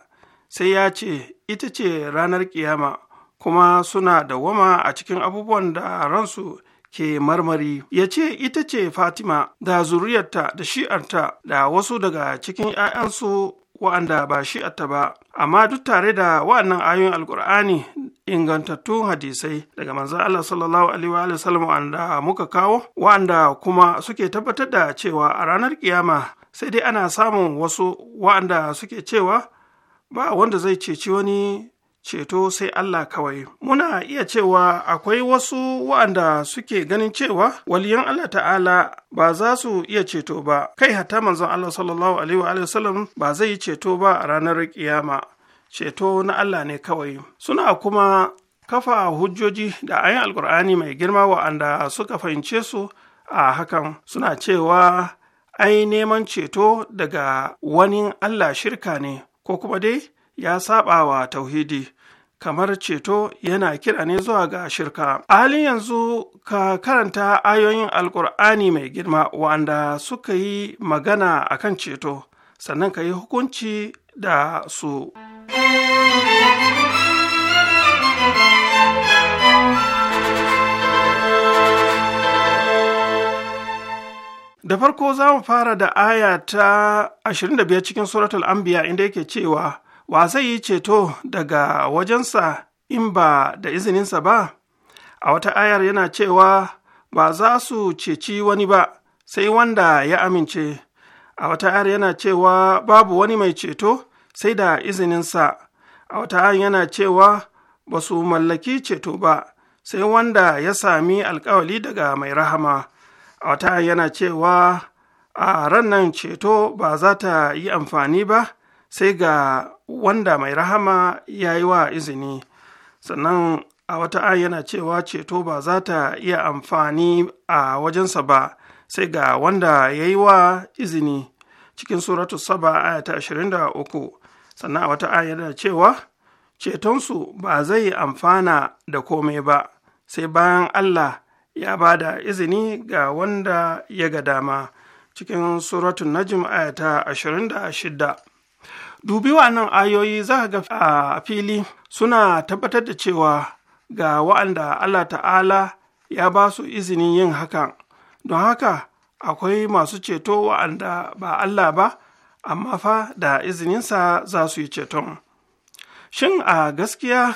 sai ya ce ita ce ranar kiyama kuma suna dawwama a cikin abubuwan da ransu ke marmari ya ce ita ce Fatima da zuriyarta da shi'arta da wasu daga cikin ‘ya'yansu wa'anda ba shi'arta ba, amma duk tare da wa'annan ayoyin alkur'ani ingantattun hadisai daga manzan Allah sallallahu alaihi wa sallam wa'anda muka kawo, wa'anda kuma suke tabbatar da cewa a ranar kiyama sai dai ana samun wasu wa'anda suke cewa ba wanda zai ceci wani ceto sai Allah kawai. Muna iya cewa akwai wasu wa'anda suke ganin cewa waliyan Allah ta'ala ba za su iya ceto ba, kai hata manzon Allah sallallahu Alaihi wa ba zai yi ceto ba a ranar kiyama. Ceto na Allah ne kawai. Suna kuma kafa hujjoji da ayin alkur'ani mai girma wa'anda suka fahimce su a hakan suna cewa ai neman ceto daga wani Allah shirka ne, ko kuma dai ya saba wa tauhidi kamar ceto yana kira ne zuwa ga shirka. A halin yanzu ka karanta ayoyin alkur'ani mai girma wanda suka yi magana a kan ceto, sannan ka yi hukunci da su. Da farko za mu fara da aya ta 25 cikin suratul Anbiya inda yake cewa wa zai yi ceto daga wajensa in ba da izininsa ba a wata ayar yana cewa ba za su ceci wani ba sai wanda ya amince a wata ayar yana cewa babu wani mai ceto sai da izininsa a wata ayar yana cewa ba su mallaki ceto ba sai wanda ya sami alkawali daga mai rahama a wata ayar yana cewa a ran ceto ba za ta yi amfani ba sai ga wanda mai rahama ya yi wa izini sannan a wata an yana cewa ceto ba za ta iya amfani a wajensa ba sai ga wanda ya yi wa izini cikin suratu saba aya ta uku sannan a wata an yana cewa cetonsu ba zai amfana da komai ba sai bayan allah ya ba da izini ga wanda ya ga dama cikin suratun najim aya ta 26 dubi nan ayoyi za a ga a fili suna tabbatar da cewa ga wa'anda Allah ta'ala ya ba su izinin yin hakan don haka akwai masu ceto wa'anda ba Allah ba amma fa da izininsa za su yi ceton shin a gaskiya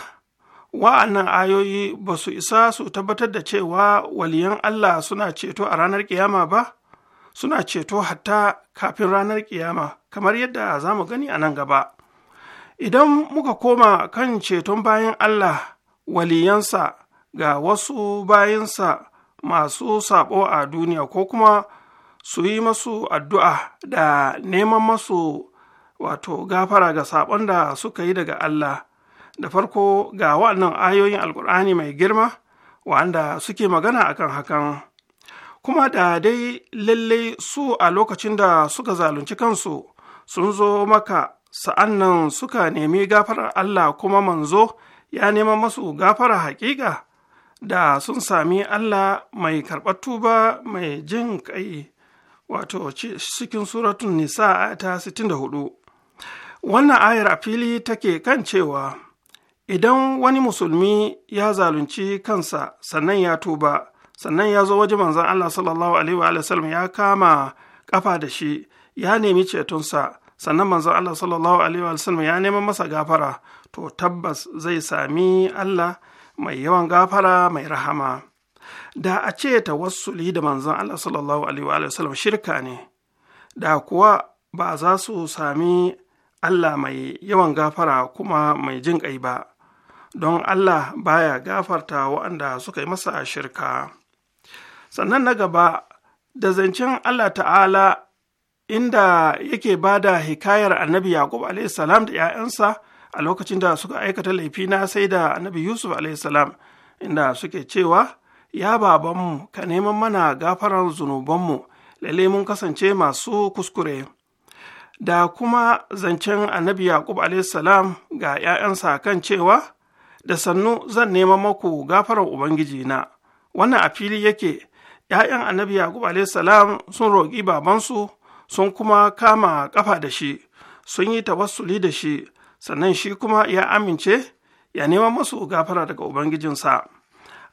wa'annan ayoyi ba su isa su tabbatar da cewa waliyan Allah suna ceto a ranar ƙiyama ba suna ceto hatta kafin ranar kiyama kamar yadda za mu gani a nan gaba idan muka koma kan ceton bayan allah waliyansa ga wasu bayansa masu saɓo a duniya ko kuma su yi masu addu'a da neman masu wato gafara ga saɓon da suka yi daga allah da farko ga wa'annan ayoyin Alƙur'ani mai girma wa'anda suke magana akan hakan kuma da dai lalle su a lokacin da suka zalunci kansu sun zo maka sa'an nan suka nemi gafarar Allah kuma manzo ya nema masu gafara haƙiƙa da sun sami Allah mai karɓar tuba mai jin ƙai wato cikin suratun nisa ta 64 wannan ayar a fili take kan cewa idan wani musulmi ya zalunci kansa sannan ya tuba sannan ya zo waje manzan Allah sallallahu alaihi wa sallam ya kama kafa da shi ya nemi cetonsa sannan manzan Allah sallallahu alaihi wa sallam ya neman masa gafara to tabbas zai sami Allah mai yawan gafara mai rahama da a ce tawassuli da manzan Allah sallallahu alaihi wa sallam shirka ne da kuwa ba za su sami Allah mai yawan gafara kuma mai jin ƙai ba don Allah baya gafarta waɗanda suka yi masa shirka. sannan na gaba da zancen Allah ta'ala inda yake ba da hikayar annabi Yaqub salam da ‘ya'yansa a lokacin da suka aikata laifi na sai da annabi Yusuf salam inda suke cewa, Ya babanmu, ka neman mana gafaran zunubanmu, lalle mun kasance masu kuskure. Da kuma zancen annabi Yaqub salam ga ‘ya'yansa kan cewa, Da sannu zan neman maku gafaran Ubangijina, wannan a fili yake. ‘ya'yan annabi Yaƙub salam sun roƙi babansu sun kuma kama ƙafa da shi, sun yi tawassuli da shi, sannan shi kuma ya amince ya neman masu gafara daga Ubangijinsa.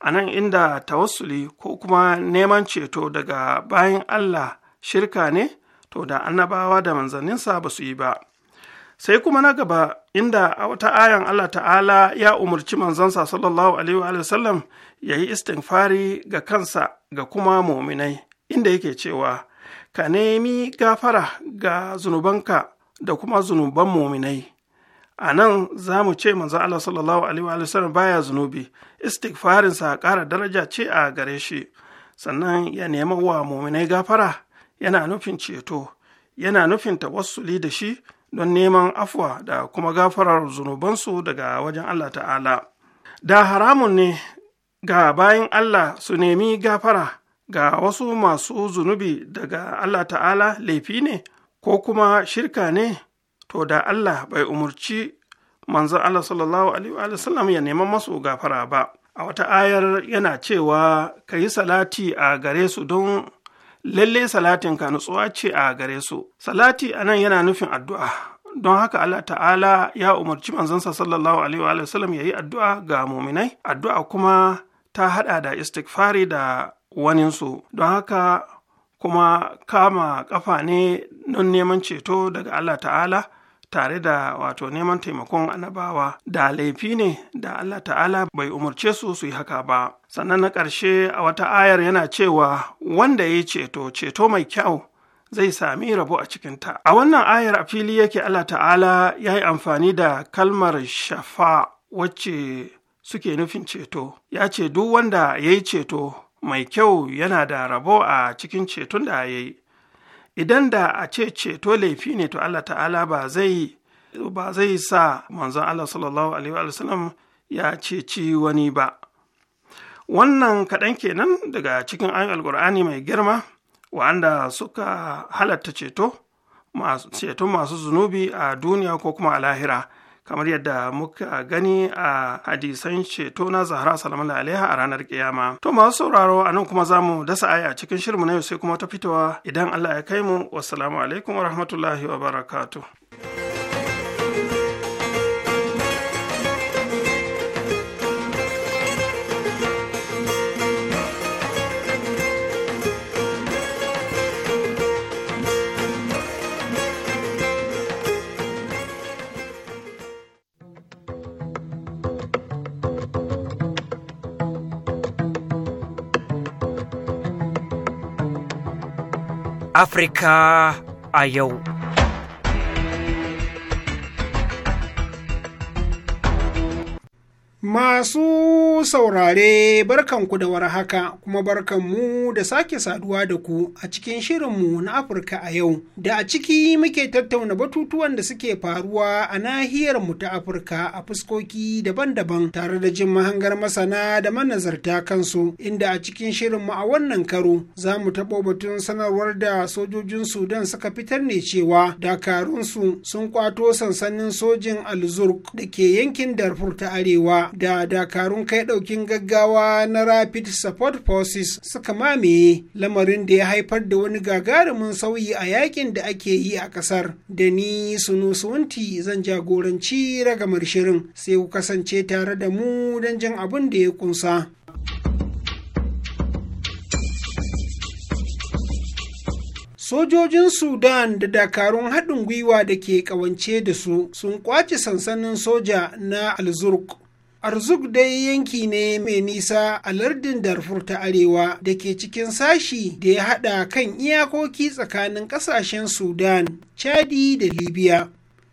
A nan inda tawassuli ko kuma neman ceto daga bayan Allah shirka ne, to da annabawa da manzanninsa ba su yi ba. Sai kuma na gaba inda a wata ayan Allah ta'ala ya umarci manzansa sallallahu alaihi wa sallam ya yi istinfari ga kansa ga kuma muminai inda yake cewa ka nemi gafara ga zunubanka da kuma zunuban muminai a nan za mu ce manzo Allah sallallahu alaihi wa sallam baya zunubi istighfarinsa ƙara daraja ce a gare shi sannan ya nema wa muminai gafara yana nufin ceto yana nufin tawassuli da shi don neman afuwa da kuma gafarar zunubansu daga wajen Allah ta'ala da haramun ne ga bayan Allah su nemi gafara ga wasu masu zunubi daga Allah ta'ala laifi ne ko kuma shirka ne to da Allah bai umarci manzan Allah sallallahu alaihi wa sallam ya neman masu gafara ba a wata ayar yana cewa ka yi salati a gare su don lalle salatin ka nutsuwa ce a gare su salati nan yana nufin addu'a don haka Allah ta'ala ya umarci manzansa sallallahu alaihi wa sallam ya yi addu'a ga muminai addu'a kuma ta haɗa da istighfari da waninsu don haka kuma kama ƙafa ne don neman ceto daga Allah ta'ala tare da wato neman taimakon annabawa da laifi ne da Allah ta'ala bai umarce su su yi haka ba sannan na ƙarshe a wata ayar yana cewa wanda ya yi ceto ceto mai kyau zai sami rabo a cikinta a wannan ayar a fili yake Allah ta'ala ya yi amfani da kalmar shafa wacce suke nufin ceto ya ce duk wanda ya yi ceto mai kyau yana da rabo a cikin ceton da ya yi idan da a ce ceto laifi ne to allah ta'ala ba zai ba zai sa manzon allah sallallahu alaihi wasallam ya ceci wani ba wannan kaɗan kenan daga cikin ayin alkur'ani mai girma wa'anda suka halatta ceto ceton masu zunubi a duniya ko kuma a lahira kamar yadda muka gani a hadisan ceto na zahra salamu alaiha a ranar kiyama to masu sauraro a nan kuma zamu dasa aya a cikin shirinmu na yau sai kuma ta fitowa idan allah ya kai mu wassalamu alaikum wa rahmatullahi wa barakatu. Afirka a yau. saurare barkanku da warhaka kuma barkanmu da sake saduwa da ku a cikin shirinmu na Afirka a yau da a ciki muke tattauna batutuwan da suke faruwa a nahiyar mu ta Afirka a fuskoki daban-daban tare da jin mahangar masana da manazarta kansu inda a cikin shirinmu a wannan karo za mu taɓo batun sanarwar da sojojin Sudan suka fitar ne cewa dakarunsu sun kwato sansanin sojin Alzurk da ke yankin Darfur ta Arewa da dakarun kai ɗaukin gaggawa na rapid support forces suka mamaye lamarin da ya haifar da wani gagarumin sauyi a yakin da ake yi a ƙasar da ni sunusunti zan jagoranci ragamar shirin sai ku kasance tare da mu don jin abin da ya kunsa. sojojin sudan da dakarun haɗin gwiwa da ke ƙawance da su sun kwace sansanin soja na alzurk Arzuk dai yanki ne mai nisa a lardin Darfur ta Arewa da ke cikin sashi da ya haɗa kan iyakoki tsakanin ƙasashen Sudan, Chadi da Libya.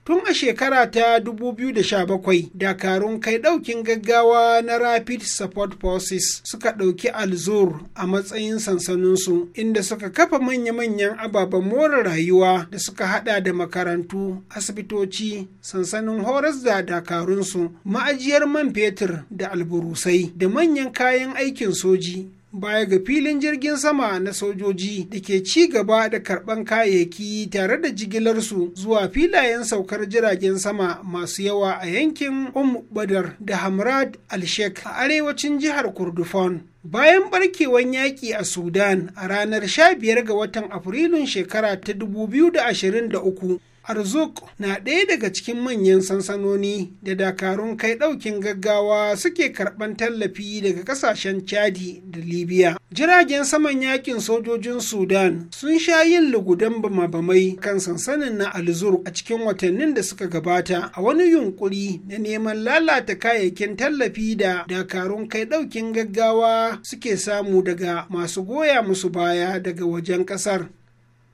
tun a shekara ta 2017 dakarun kai daukin gaggawa na rapid support forces suka ɗauki alzur a matsayin sansaninsu inda suka kafa manya-manyan ababen more rayuwa da suka hada da makarantu asibitoci sansanin horas da dakarunsu ma'ajiyar man fetur da alburusai da manyan kayan aikin soji baya ga filin jirgin sama na sojoji da ke ci gaba da karɓan kayayyaki tare da jigilarsu zuwa filayen saukar jiragen sama masu yawa a yankin Umm Badar da Hamrad al-Sheikh a arewacin jihar Kurdufan. Bayan barkewan yaƙi a Sudan a ranar 15 ga watan Afrilun shekara ta 2023. arzuk na ɗaya daga cikin manyan sansanoni da dakarun kai ɗaukin gaggawa suke karɓan tallafi daga ƙasashen chadi da libya jiragen saman yakin sojojin sudan sun sha yin lugudan bama-bamai kan sansanin na alzur a cikin watannin da suka gabata a wani yunƙuri, na neman lalata kayayyakin tallafi da dakarun kai ɗaukin gaggawa suke samu daga masu goya musu baya daga wajen ƙasar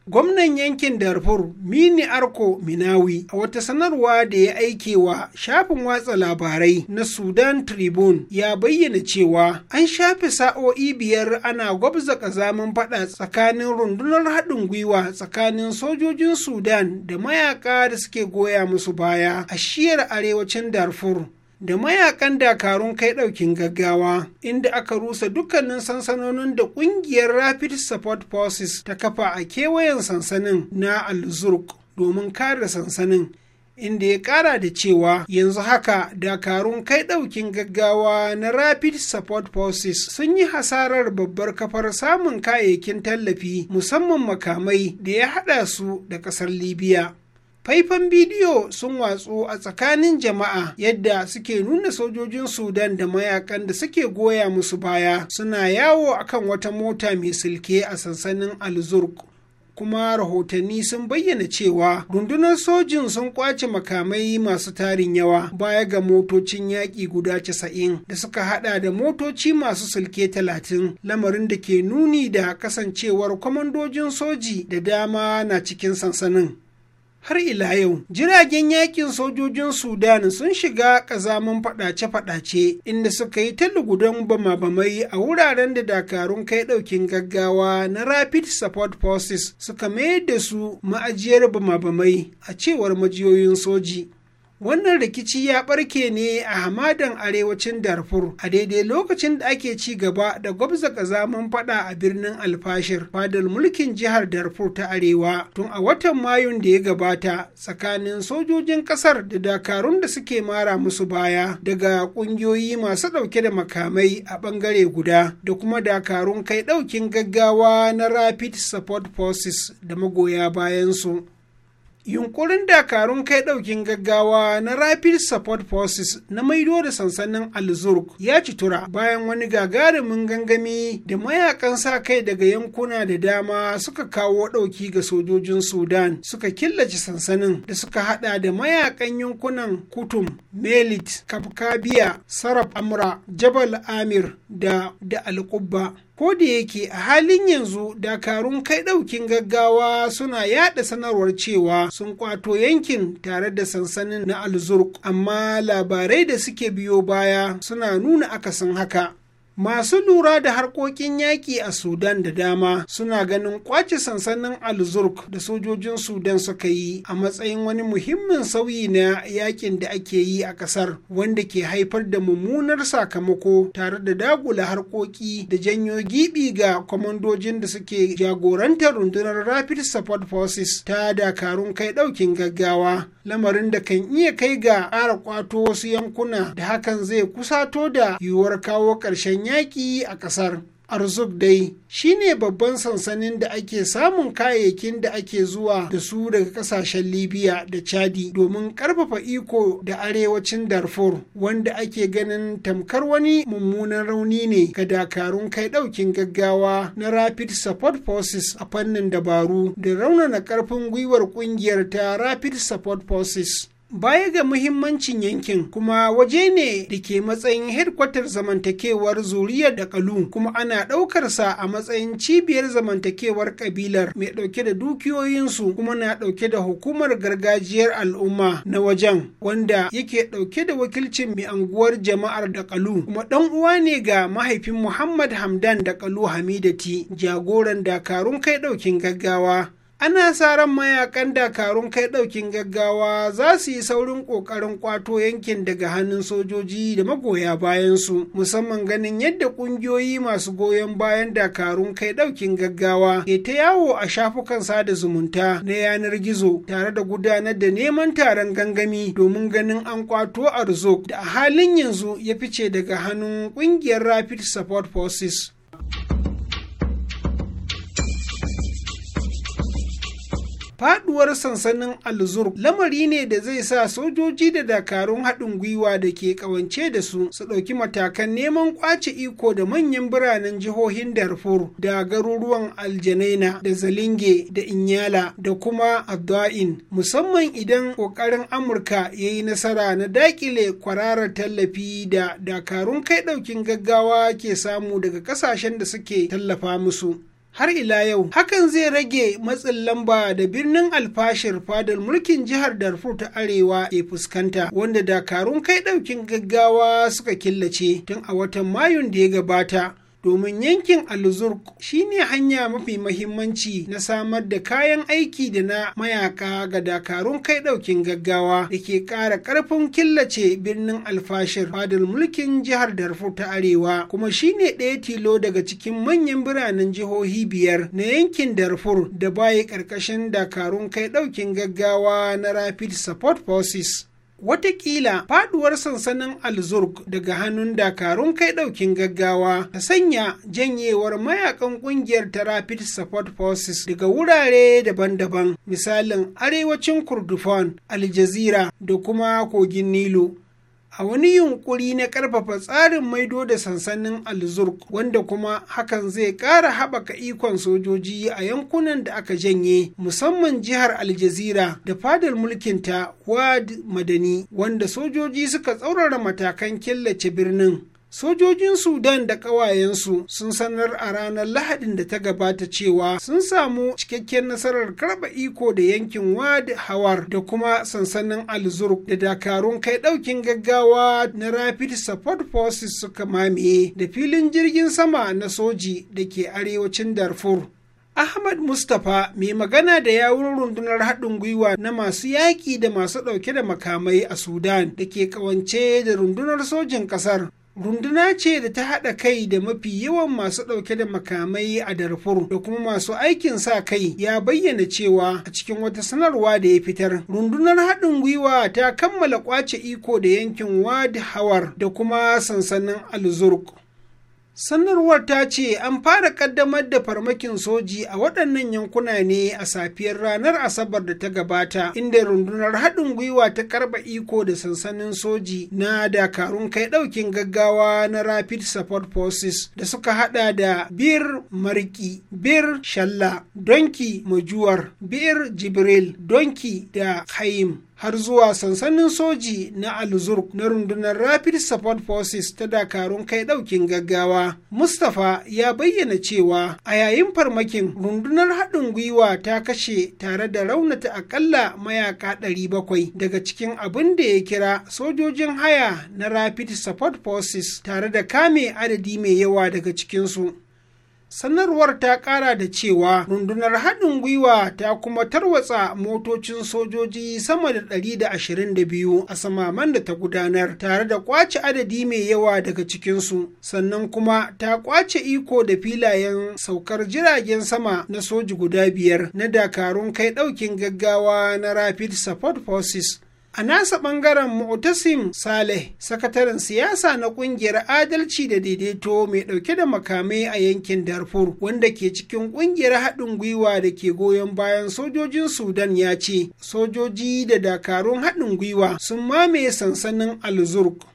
Gwamnan yankin Darfur Mini Arko Minawi a wata sanarwa da ya aike wa shafin watsa labarai na Sudan Tribune ya bayyana cewa an shafe sa'o'i biyar ana gwabza kazamin fada tsakanin rundunar haɗin gwiwa tsakanin sojojin Sudan da mayaka da suke goya musu baya a shiyar arewacin Darfur. da mayakan dakarun kai ɗaukin gaggawa inda aka rusa dukkanin sansanonin da ƙungiyar rapid support forces ta kafa a kewayen sansanin na al-zurk domin kare sansanin inda ya kara da cewa yanzu haka dakarun kai daukin gaggawa na rapid support forces sun yi hasarar babbar kafar samun kayayyakin tallafi musamman makamai da ya hada su da kasar libya faifan bidiyo sun watsu a tsakanin jama'a yadda suke nuna sojojin sudan da mayakan da suke goya musu baya suna yawo akan wata mota mai silke a sansanin alzurk kuma rahotanni sun bayyana cewa rundunar sojin sun kwace makamai masu tarin yawa baya ga motocin yaƙi guda casa'in da suka hada da motoci masu sulke talatin lamarin da ke nuni da kasancewar kwamandojin soji da dama na cikin sansanin har ila yau jiragen yakin sojojin sudan sun shiga kazaman fadace-fadace inda suka yi ta lugudan bama-bamai a wuraren da dakarun kai daukin gaggawa na rapid support forces suka mayar da su ma'ajiyar bama-bamai a cewar majiyoyin soji Wannan rikici ya ɓarke ne a hamadan arewacin Darfur a daidai lokacin da ake ci gaba da gwabza ƙazaman faɗa a birnin Alfashir, fadar mulkin jihar Darfur ta Arewa tun a watan Mayun da ya gabata tsakanin sojojin ƙasar da dakarun da suke mara musu baya daga ƙungiyoyi masu ɗauke da makamai a ɓangare guda da kuma dakarun kai ɗaukin gaggawa na Rapid Support Forces da magoya bayansu. yunkurin dakarun kai daukin gaggawa na rapid support forces na maido da sansanin alzurk ya ci tura bayan wani gagarumin gangami da mayakan sa kai daga yankuna da dama suka kawo dauki ga sojojin sudan suka killace sansanin da suka hada da mayakan yankunan kutum melit kafkabiya sarraf amra jabal amir da da ko da yake a halin yanzu dakarun kai ɗaukin gaggawa suna yada sanarwar cewa sun kwato yankin tare da sansanin na alzurk amma labarai da suke biyo baya suna nuna akasin haka Masu lura da harkokin yaƙi a Sudan da dama suna ganin ƙwace sansanin Al-Zurk da sojojin Sudan suka yi a matsayin wani muhimmin sauyi na yaƙin da ake yi a ƙasar wanda ke haifar da mummunar sakamako tare da dagula harkoki da janyo gibi ga kwamandojin da suke jagorantar rundunar Rapid Support Forces ta dakarun kai ɗaukin gaggawa. Lamarin da kan iya kai ga ƙara kwato wasu yankuna da hakan zai kusato da yiwuwar kawo ƙarshen Yaki yaƙi a ƙasar. Arzuk dai shi ne babban sansanin da ake samun kayayyakin da ake zuwa da su daga kasashen Libya da Chadi domin ƙarfafa iko da arewacin Darfur wanda ake ganin tamkar wani mummunan rauni ne ga dakarun kai ɗaukin gaggawa na Rapid Support Forces a fannin dabaru da raunana ƙarfin gwiwar ƙungiyar ta Rapid Support Forces. baya ga muhimmancin yankin kuma waje ne da ke matsayin hedkwatar zamantakewar zuriya da kalu kuma ana ɗaukarsa a matsayin cibiyar zamantakewar kabilar mai ɗauke da dukiyoyinsu kuma na ɗauke da hukumar gargajiyar al'umma na wajen wanda yake ɗauke da wakilcin mai anguwar jama'ar da kalu kuma ɗan uwa ne ga mahaifin muhammad hamdan da kalu hamidati jagoran dakarun kai ɗaukin gaggawa ana sa ran mayakan dakarun kai ɗaukin gaggawa za su yi saurin ƙoƙarin kwato yankin daga hannun sojoji da magoya bayansu musamman ganin yadda ƙungiyoyi masu goyon bayan dakarun kai ɗaukin gaggawa ke ta yawo a shafukan sada zumunta na yanar gizo tare da gudanar da neman taron gangami domin ganin an ƙwato arzok da a halin yanzu ya fice daga hannun ƙungiyar rapid support forces faduwar sansanin alzur lamari ne da zai sa sojoji da dakarun haɗin gwiwa da ke ƙawance da su su ɗauki matakan neman ƙwace iko da manyan biranen jihohin darfur da garuruwan aljanaina da zalinge da inyala da kuma addu'in musamman idan ƙoƙarin amurka ya yi nasara na daƙile kwararar tallafi da dakarun kai ɗaukin gaggawa ke samu daga ƙasashen da suke tallafa musu har ila yau hakan zai rage matsin lamba da birnin alfashir fadar mulkin jihar darfur ta arewa ke fuskanta wanda dakarun kai daukin gaggawa suka killace tun a watan mayun da ya gabata domin yankin alzurk shine hanya mafi mahimmanci na samar da kayan aiki da na mayaka ga dakarun kai daukin gaggawa da ke ƙara ƙarfin killace birnin alfashir fadar mulkin jihar darfur ta arewa kuma shine ɗaya tilo daga cikin manyan biranen jihohi biyar na yankin darfur da baya ƙarƙashin dakarun kai daukin gaggawa na rapid support forces Wataƙila faɗuwar sansanin Alzurg daga hannun dakarun kai ɗaukin gaggawa ta sanya janyewar mayakan ƙungiyar ta Rapid Support Forces daga wurare daban-daban, misalin arewacin Kurdufan, Aljazira da kuma kogin Nilo. a wani yunkuri na ƙarfafa tsarin maido da sansanin alzurk wanda kuma hakan zai ƙara haɓaka ikon sojoji a yankunan da aka janye musamman jihar aljazira da fadar mulkinta wad madani wanda sojoji suka tsaurara matakan killace birnin Sojojin Sudan da ƙawayensu sun sanar a ranar Lahadin da ta gabata cewa sun samu cikakken nasarar karɓa iko da yankin Wad Hawar da kuma sansanin alzurk da dakarun kai ɗaukin gaggawa na Rapid Support Forces suka mamaye da filin jirgin sama na soji da ke arewacin Darfur. Ahmad Mustapha mai magana da yawun rundunar haɗin gwiwa na masu yaƙi da masu ɗauke da makamai a Sudan da ke ƙawance da rundunar sojin ƙasar runduna ce da ta haɗa kai da mafi yawan masu ɗauke da makamai a darfur da kuma masu aikin sa kai ya bayyana cewa a cikin wata sanarwa da ya fitar rundunar haɗin gwiwa ta kammala kwace iko da yankin wad hawar da kuma sansanin alzurk Sanarwar ta ce an fara kaddamar da farmakin soji a waɗannan yankuna ne a safiyar ranar Asabar da ta gabata, inda rundunar haɗin gwiwa ta karɓa iko da sansanin soji na dakarun kai ɗaukin gaggawa na Rapid Support Forces da suka haɗa da Bir Mariki, Bir Shalla, Donki Majuwar, Bir Jibril, Donki da Haim. har zuwa sansanin soji na alzurk na rundunar rapid support forces ta dakarun kai daukin gaggawa mustapha ya bayyana cewa a yayin farmakin rundunar haɗin gwiwa ta kashe tare da raunata akalla mayaka 700 daga cikin abin da ya kira sojojin haya na rapid support forces tare da kame adadi mai yawa daga cikinsu sanarwar ta kara da cewa rundunar haɗin gwiwa ta kuma tarwatsa motocin sojoji sama da 122 a samaman da ta gudanar tare da kwace adadi mai yawa daga cikinsu sannan kuma ta kwace iko da filayen saukar jiragen sama na soji guda biyar na dakarun kai ɗaukin gaggawa na rapid support forces A nasa ɓangaren Mu'tasim Saleh, sakataren siyasa na ƙungiyar Adalci da Daidaito mai ɗauke da makamai a yankin Darfur, wanda ke cikin ƙungiyar haɗin gwiwa da ke goyon bayan sojojin Sudan ya ce, sojoji da dakarun haɗin gwiwa sun mamaye sansanin al'Zurk.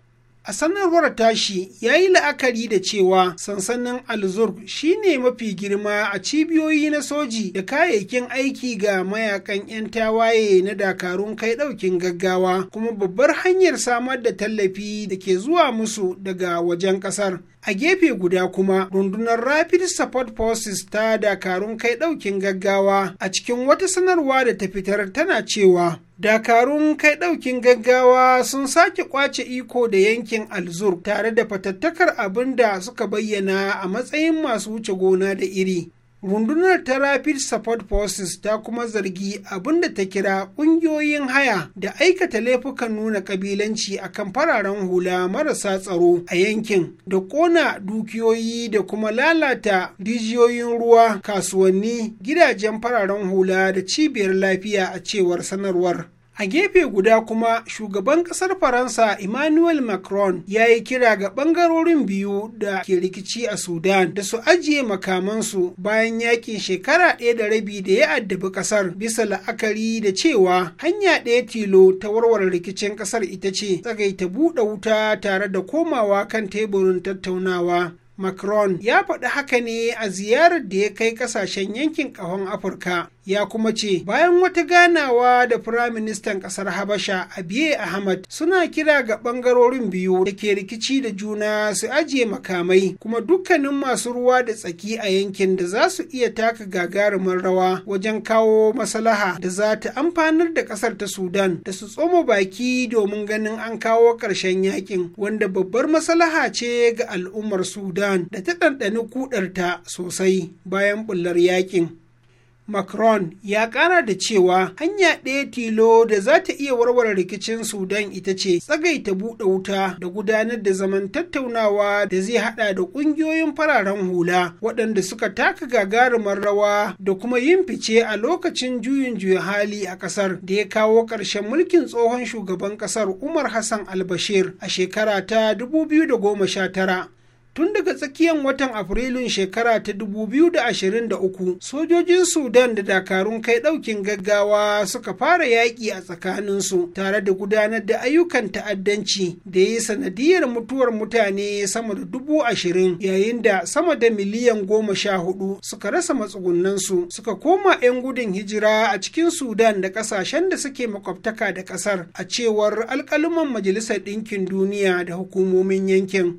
A sanarwar tashi ya yi la'akari da cewa sansanin Alzurb shine mafi girma a cibiyoyi na soji da kayayyakin aiki ga mayakan 'yan tawaye na dakarun kai ɗaukin gaggawa kuma babbar hanyar samar da tallafi da ke zuwa musu daga wajen ƙasar. a gefe guda kuma rundunar rapid support forces ta dakarun kai ɗaukin gaggawa a cikin wata sanarwa da ta fitar tana cewa dakarun kai ɗaukin gaggawa sun sake kwace iko da yankin alzur tare da fatattakar abin da suka bayyana a matsayin masu wuce gona da iri rundunar ta rapid support forces ta kuma zargi abinda ta kira ƙungiyoyin haya da aikata laifukan nuna ƙabilanci a kan fararen hula marasa tsaro a yankin da ƙona dukiyoyi da kuma lalata rijiyoyin ruwa kasuwanni gidajen fararen hula da cibiyar lafiya a cewar sanarwar A gefe guda kuma shugaban kasar Faransa Emmanuel Macron ya yi kira ga ɓangarorin biyu da ke rikici a Sudan da su ajiye makamansu bayan yakin shekara ɗaya da rabi da ya addabi kasar bisa la'akari da cewa hanya ɗaya tilo ta warware rikicin kasar ita ce tsagaita buɗe wuta tare da komawa kan teburin tattaunawa. Macron ya faɗi haka ne a ziyarar da ya kai ƙasashen yankin ƙahon Afirka. Ya kuma ce, bayan wata ganawa da Firaministan ƙasar Habasha Abiy Ahmad suna kira ga ɓangarorin biyu da ke rikici da juna su ajiye makamai kuma dukkanin masu ruwa da tsaki a yankin da za su iya taka gagarumin rawa wajen kawo masalaha da za ta amfanar da ƙasar ta Sudan da su tsoma baki domin ganin an kawo ƙarshen yakin wanda babbar maslaha ce ga al'ummar Sudan. Iran da ta ɗanɗani kudarta sosai bayan bullar yakin. Macron ya ƙara da cewa hanya ɗaya tilo da za ta iya warware rikicin Sudan ita ce tsagaita buɗe wuta da gudanar da zaman tattaunawa da zai haɗa da ƙungiyoyin fararen hula waɗanda suka taka gagarumar rawa da kuma yin fice a lokacin juyin juya hali a ƙasar da ya kawo ƙarshen mulkin tsohon shugaban ƙasar Umar Hassan Albashir a shekara ta 2019. tun daga tsakiyar watan afrilun shekara ta 2023 sojojin sudan da dakarun kai ɗaukin gaggawa suka fara yaƙi a tsakaninsu tare da gudanar da ayyukan ta'addanci da ya yi sanadiyar mutuwar mutane sama da dubu ashirin yayin da sama da miliyan goma sha hudu suka rasa matsugunansu suka koma 'yan gudun hijira a cikin sudan da kasashen da suke makwabtaka da ƙasar, a cewar alkaluman majalisar ɗinkin duniya da hukumomin yankin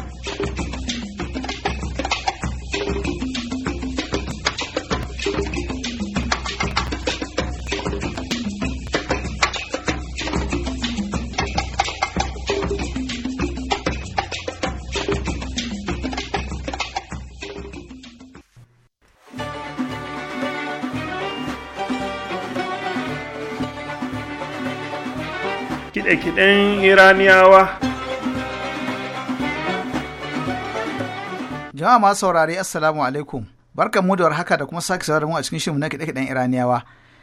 kide-kiden iraniyawa jama'a masu saurari assalamu alaikum barkan mu da war haka da kuma sake saurari mu a cikin shirin na kiɗe kiden iraniyawa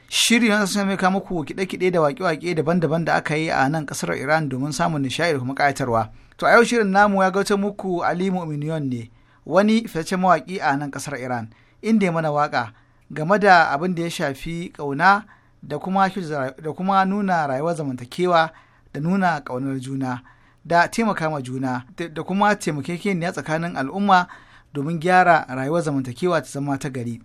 shirin yana sun ka muku kiɗe-kiɗe da waƙe-waƙe daban-daban da aka yi a nan kasar iran domin samun nishaɗi da kuma ƙayatarwa to a yau shirin namu ya gauta muku ali mu'miniyon ne wani fitaccen mawaƙi a nan kasar iran inda ya mana waƙa game da abin da ya shafi ƙauna da kuma nuna rayuwar zamantakewa da nuna ƙaunar juna da taimaka ma juna da kuma taimakekeniya tsakanin al'umma domin gyara rayuwar zamantakewa ta zama ta gari.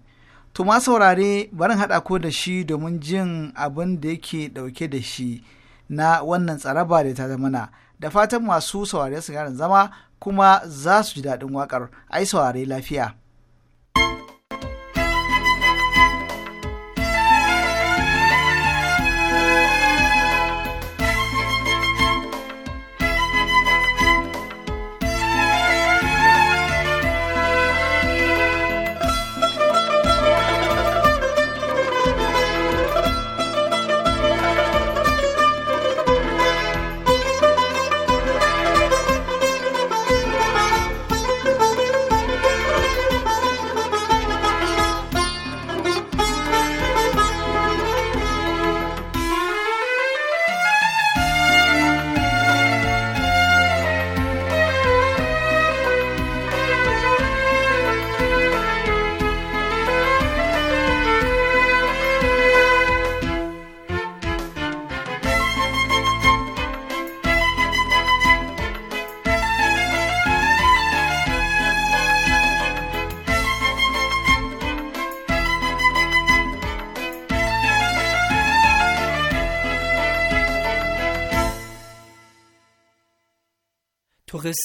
To ma saurare barin haɗa ko da shi domin jin abin da yake ɗauke da shi na wannan tsaraba da ta zamana da fatan masu saurare su zama kuma za su ji daɗin waƙar ai saurare lafiya.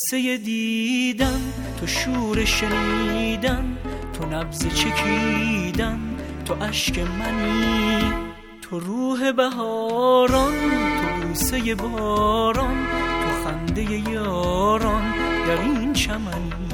قصه دیدن تو شور شنیدن تو نبز چکیدم، تو اشک منی تو روح بهاران تو بوسه باران تو خنده یاران در این چمنی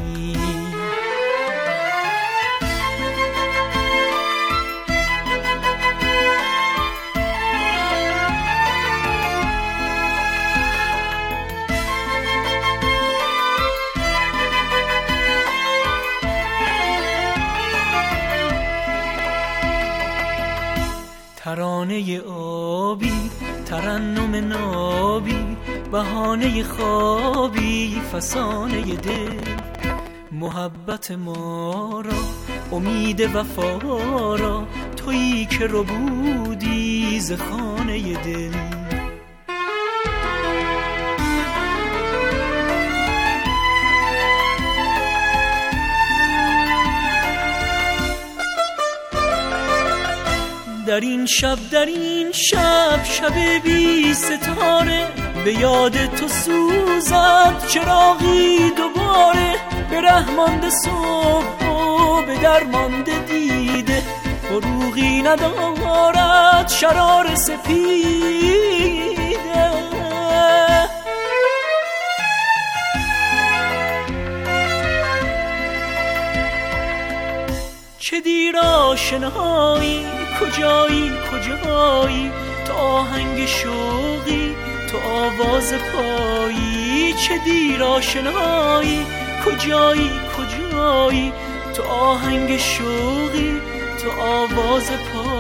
ترانه آبی ترنم نابی بهانه خوابی فسانه دل محبت ما را امید وفا را تویی که رو بودی ز خانه دل در این شب در این شب شب بی ستاره به یاد تو سوزد چراغی دوباره به رحماند صبح و به درمانده دیده فروغی ندارد شرار سپیده چه دیر آشنایی کجایی کجایی تو آهنگ شوقی تو آواز پایی چه دیر آشنایی کجایی کجایی تو آهنگ شوقی تو آواز پایی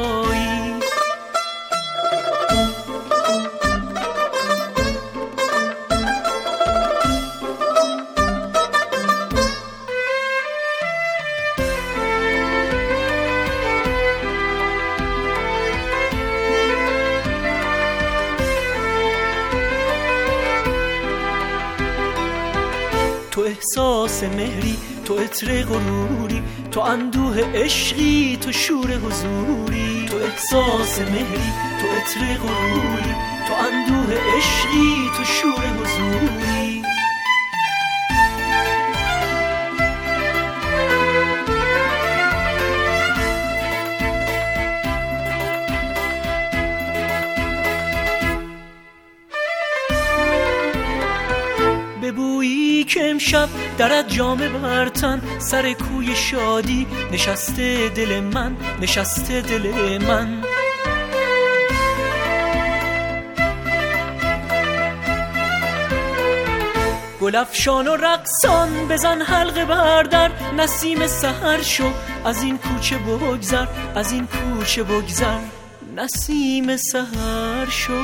قطر غروری تو اندوه عشقی تو شور حضوری تو احساس مهری تو عطر غروری تو اندوه عشقی تو شور حضوری درد جام برتن سر کوی شادی نشسته دل من نشسته دل من گلفشان و رقصان بزن حلقه بردر نسیم سهر شو از این کوچه بگذر از این کوچه بگذر نسیم سهر شو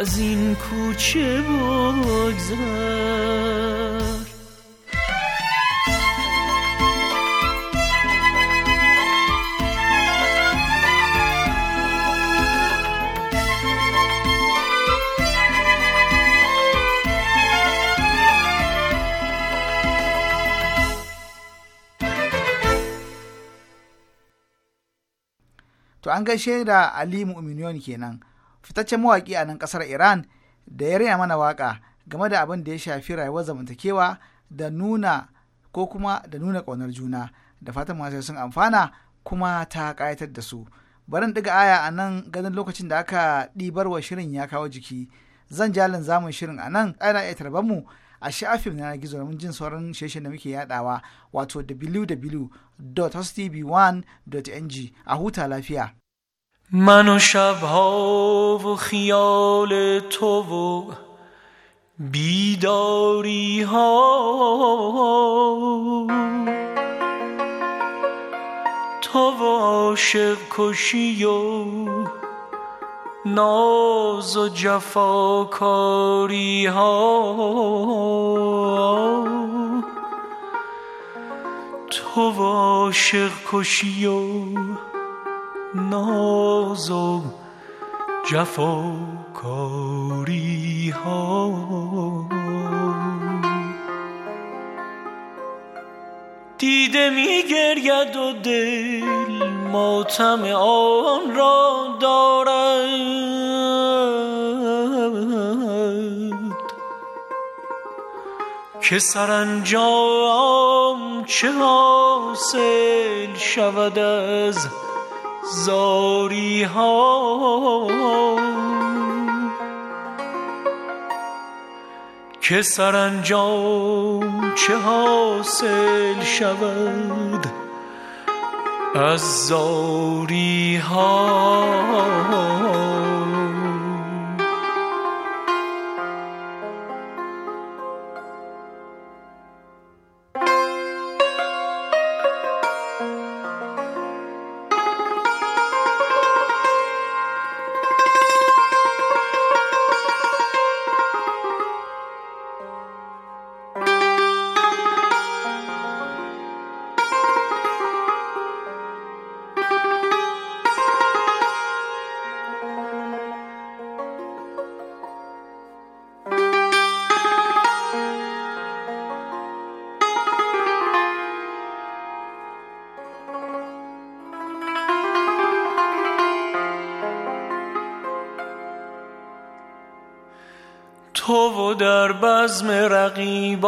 از این کوچه بگذر تو انگشه را علی مؤمنیانی که نن fitaccen mawaƙi a nan ƙasar iran da ya rera mana waƙa game da abin da ya shafi rayuwar zamantakewa da nuna ko kuma da nuna ƙaunar juna da fatan masu sun amfana kuma ta ƙayatar da su barin ɗiga aya a nan ganin lokacin da aka ɗibar wa shirin ya kawo jiki zan jalin zamun shirin a nan ana iya tarbar mu a shafin na gizo domin jin sauran sheshe da muke yadawa wato www.hostv1.ng a huta lafiya. من و شبها و خیال تو و بیداری ها تو و عاشق کشی و ناز و جفاکاری ها تو و عاشق کشی و ناز و جفاکاری ها دیده می گرید و دل ماتم آن را دارد که سرانجام چه حاصل شود از زاری ها که سرانجام چه حاصل شود از زاری ها در بزم رقیبان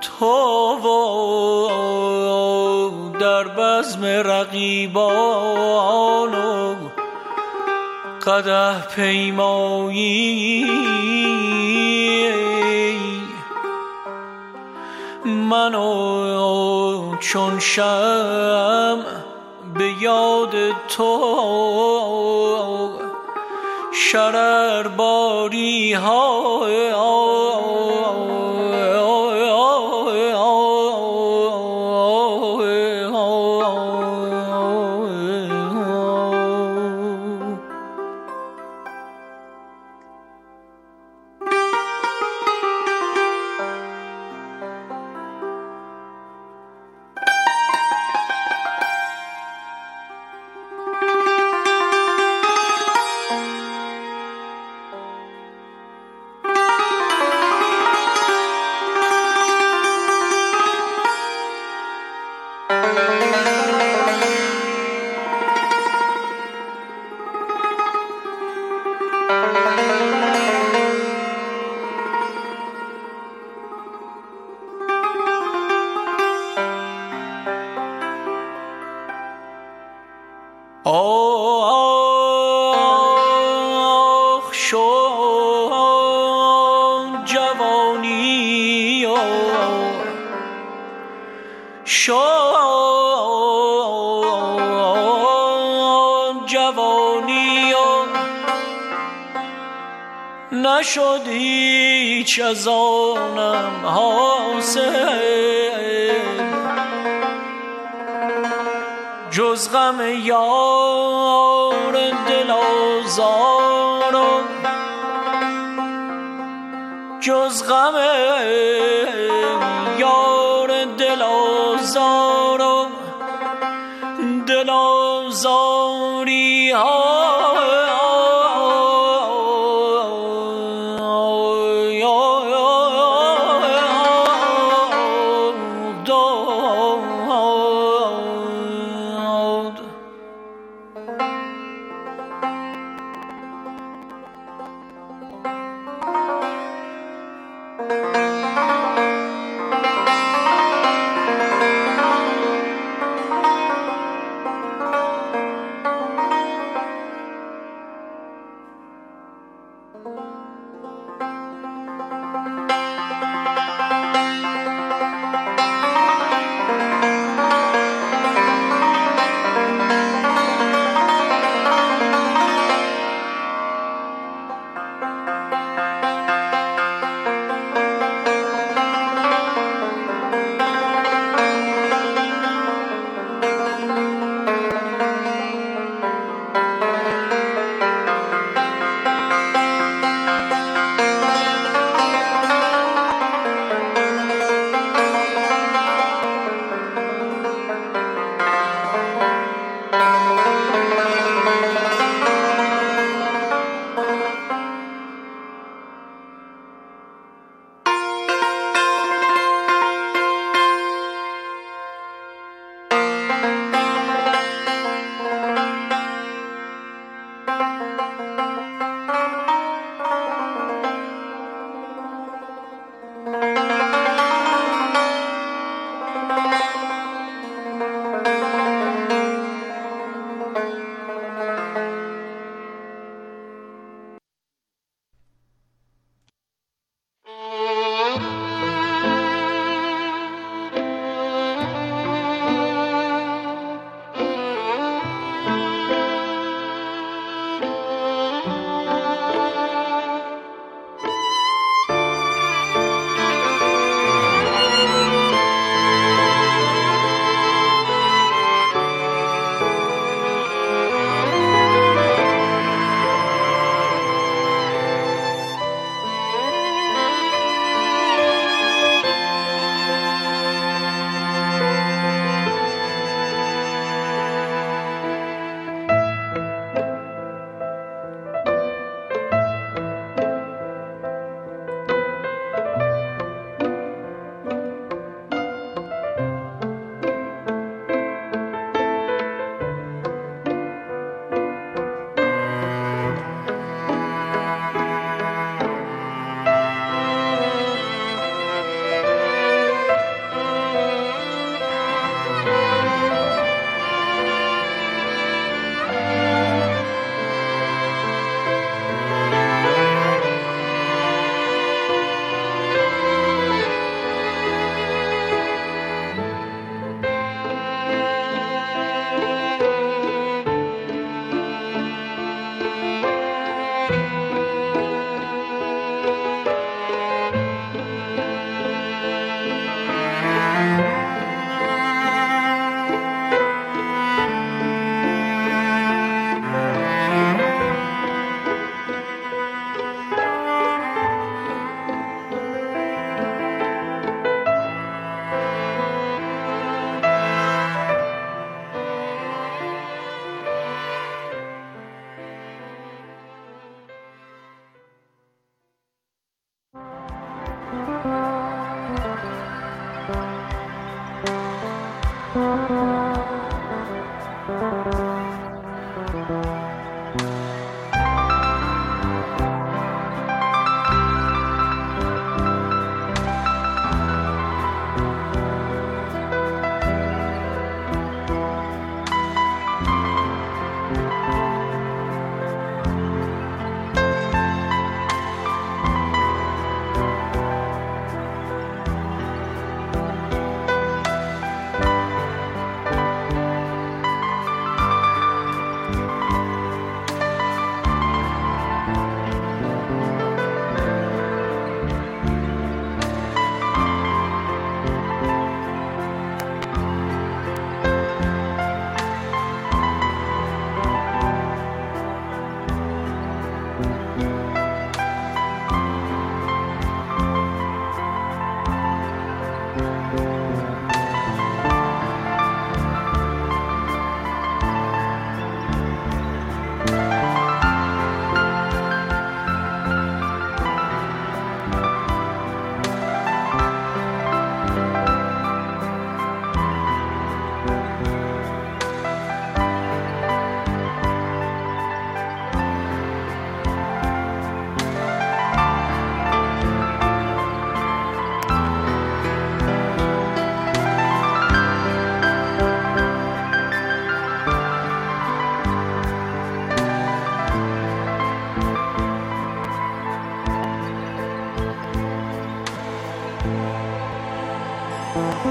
تو در بزم رقیبان قده پیمایی چون شم به یاد تو شرر باری ها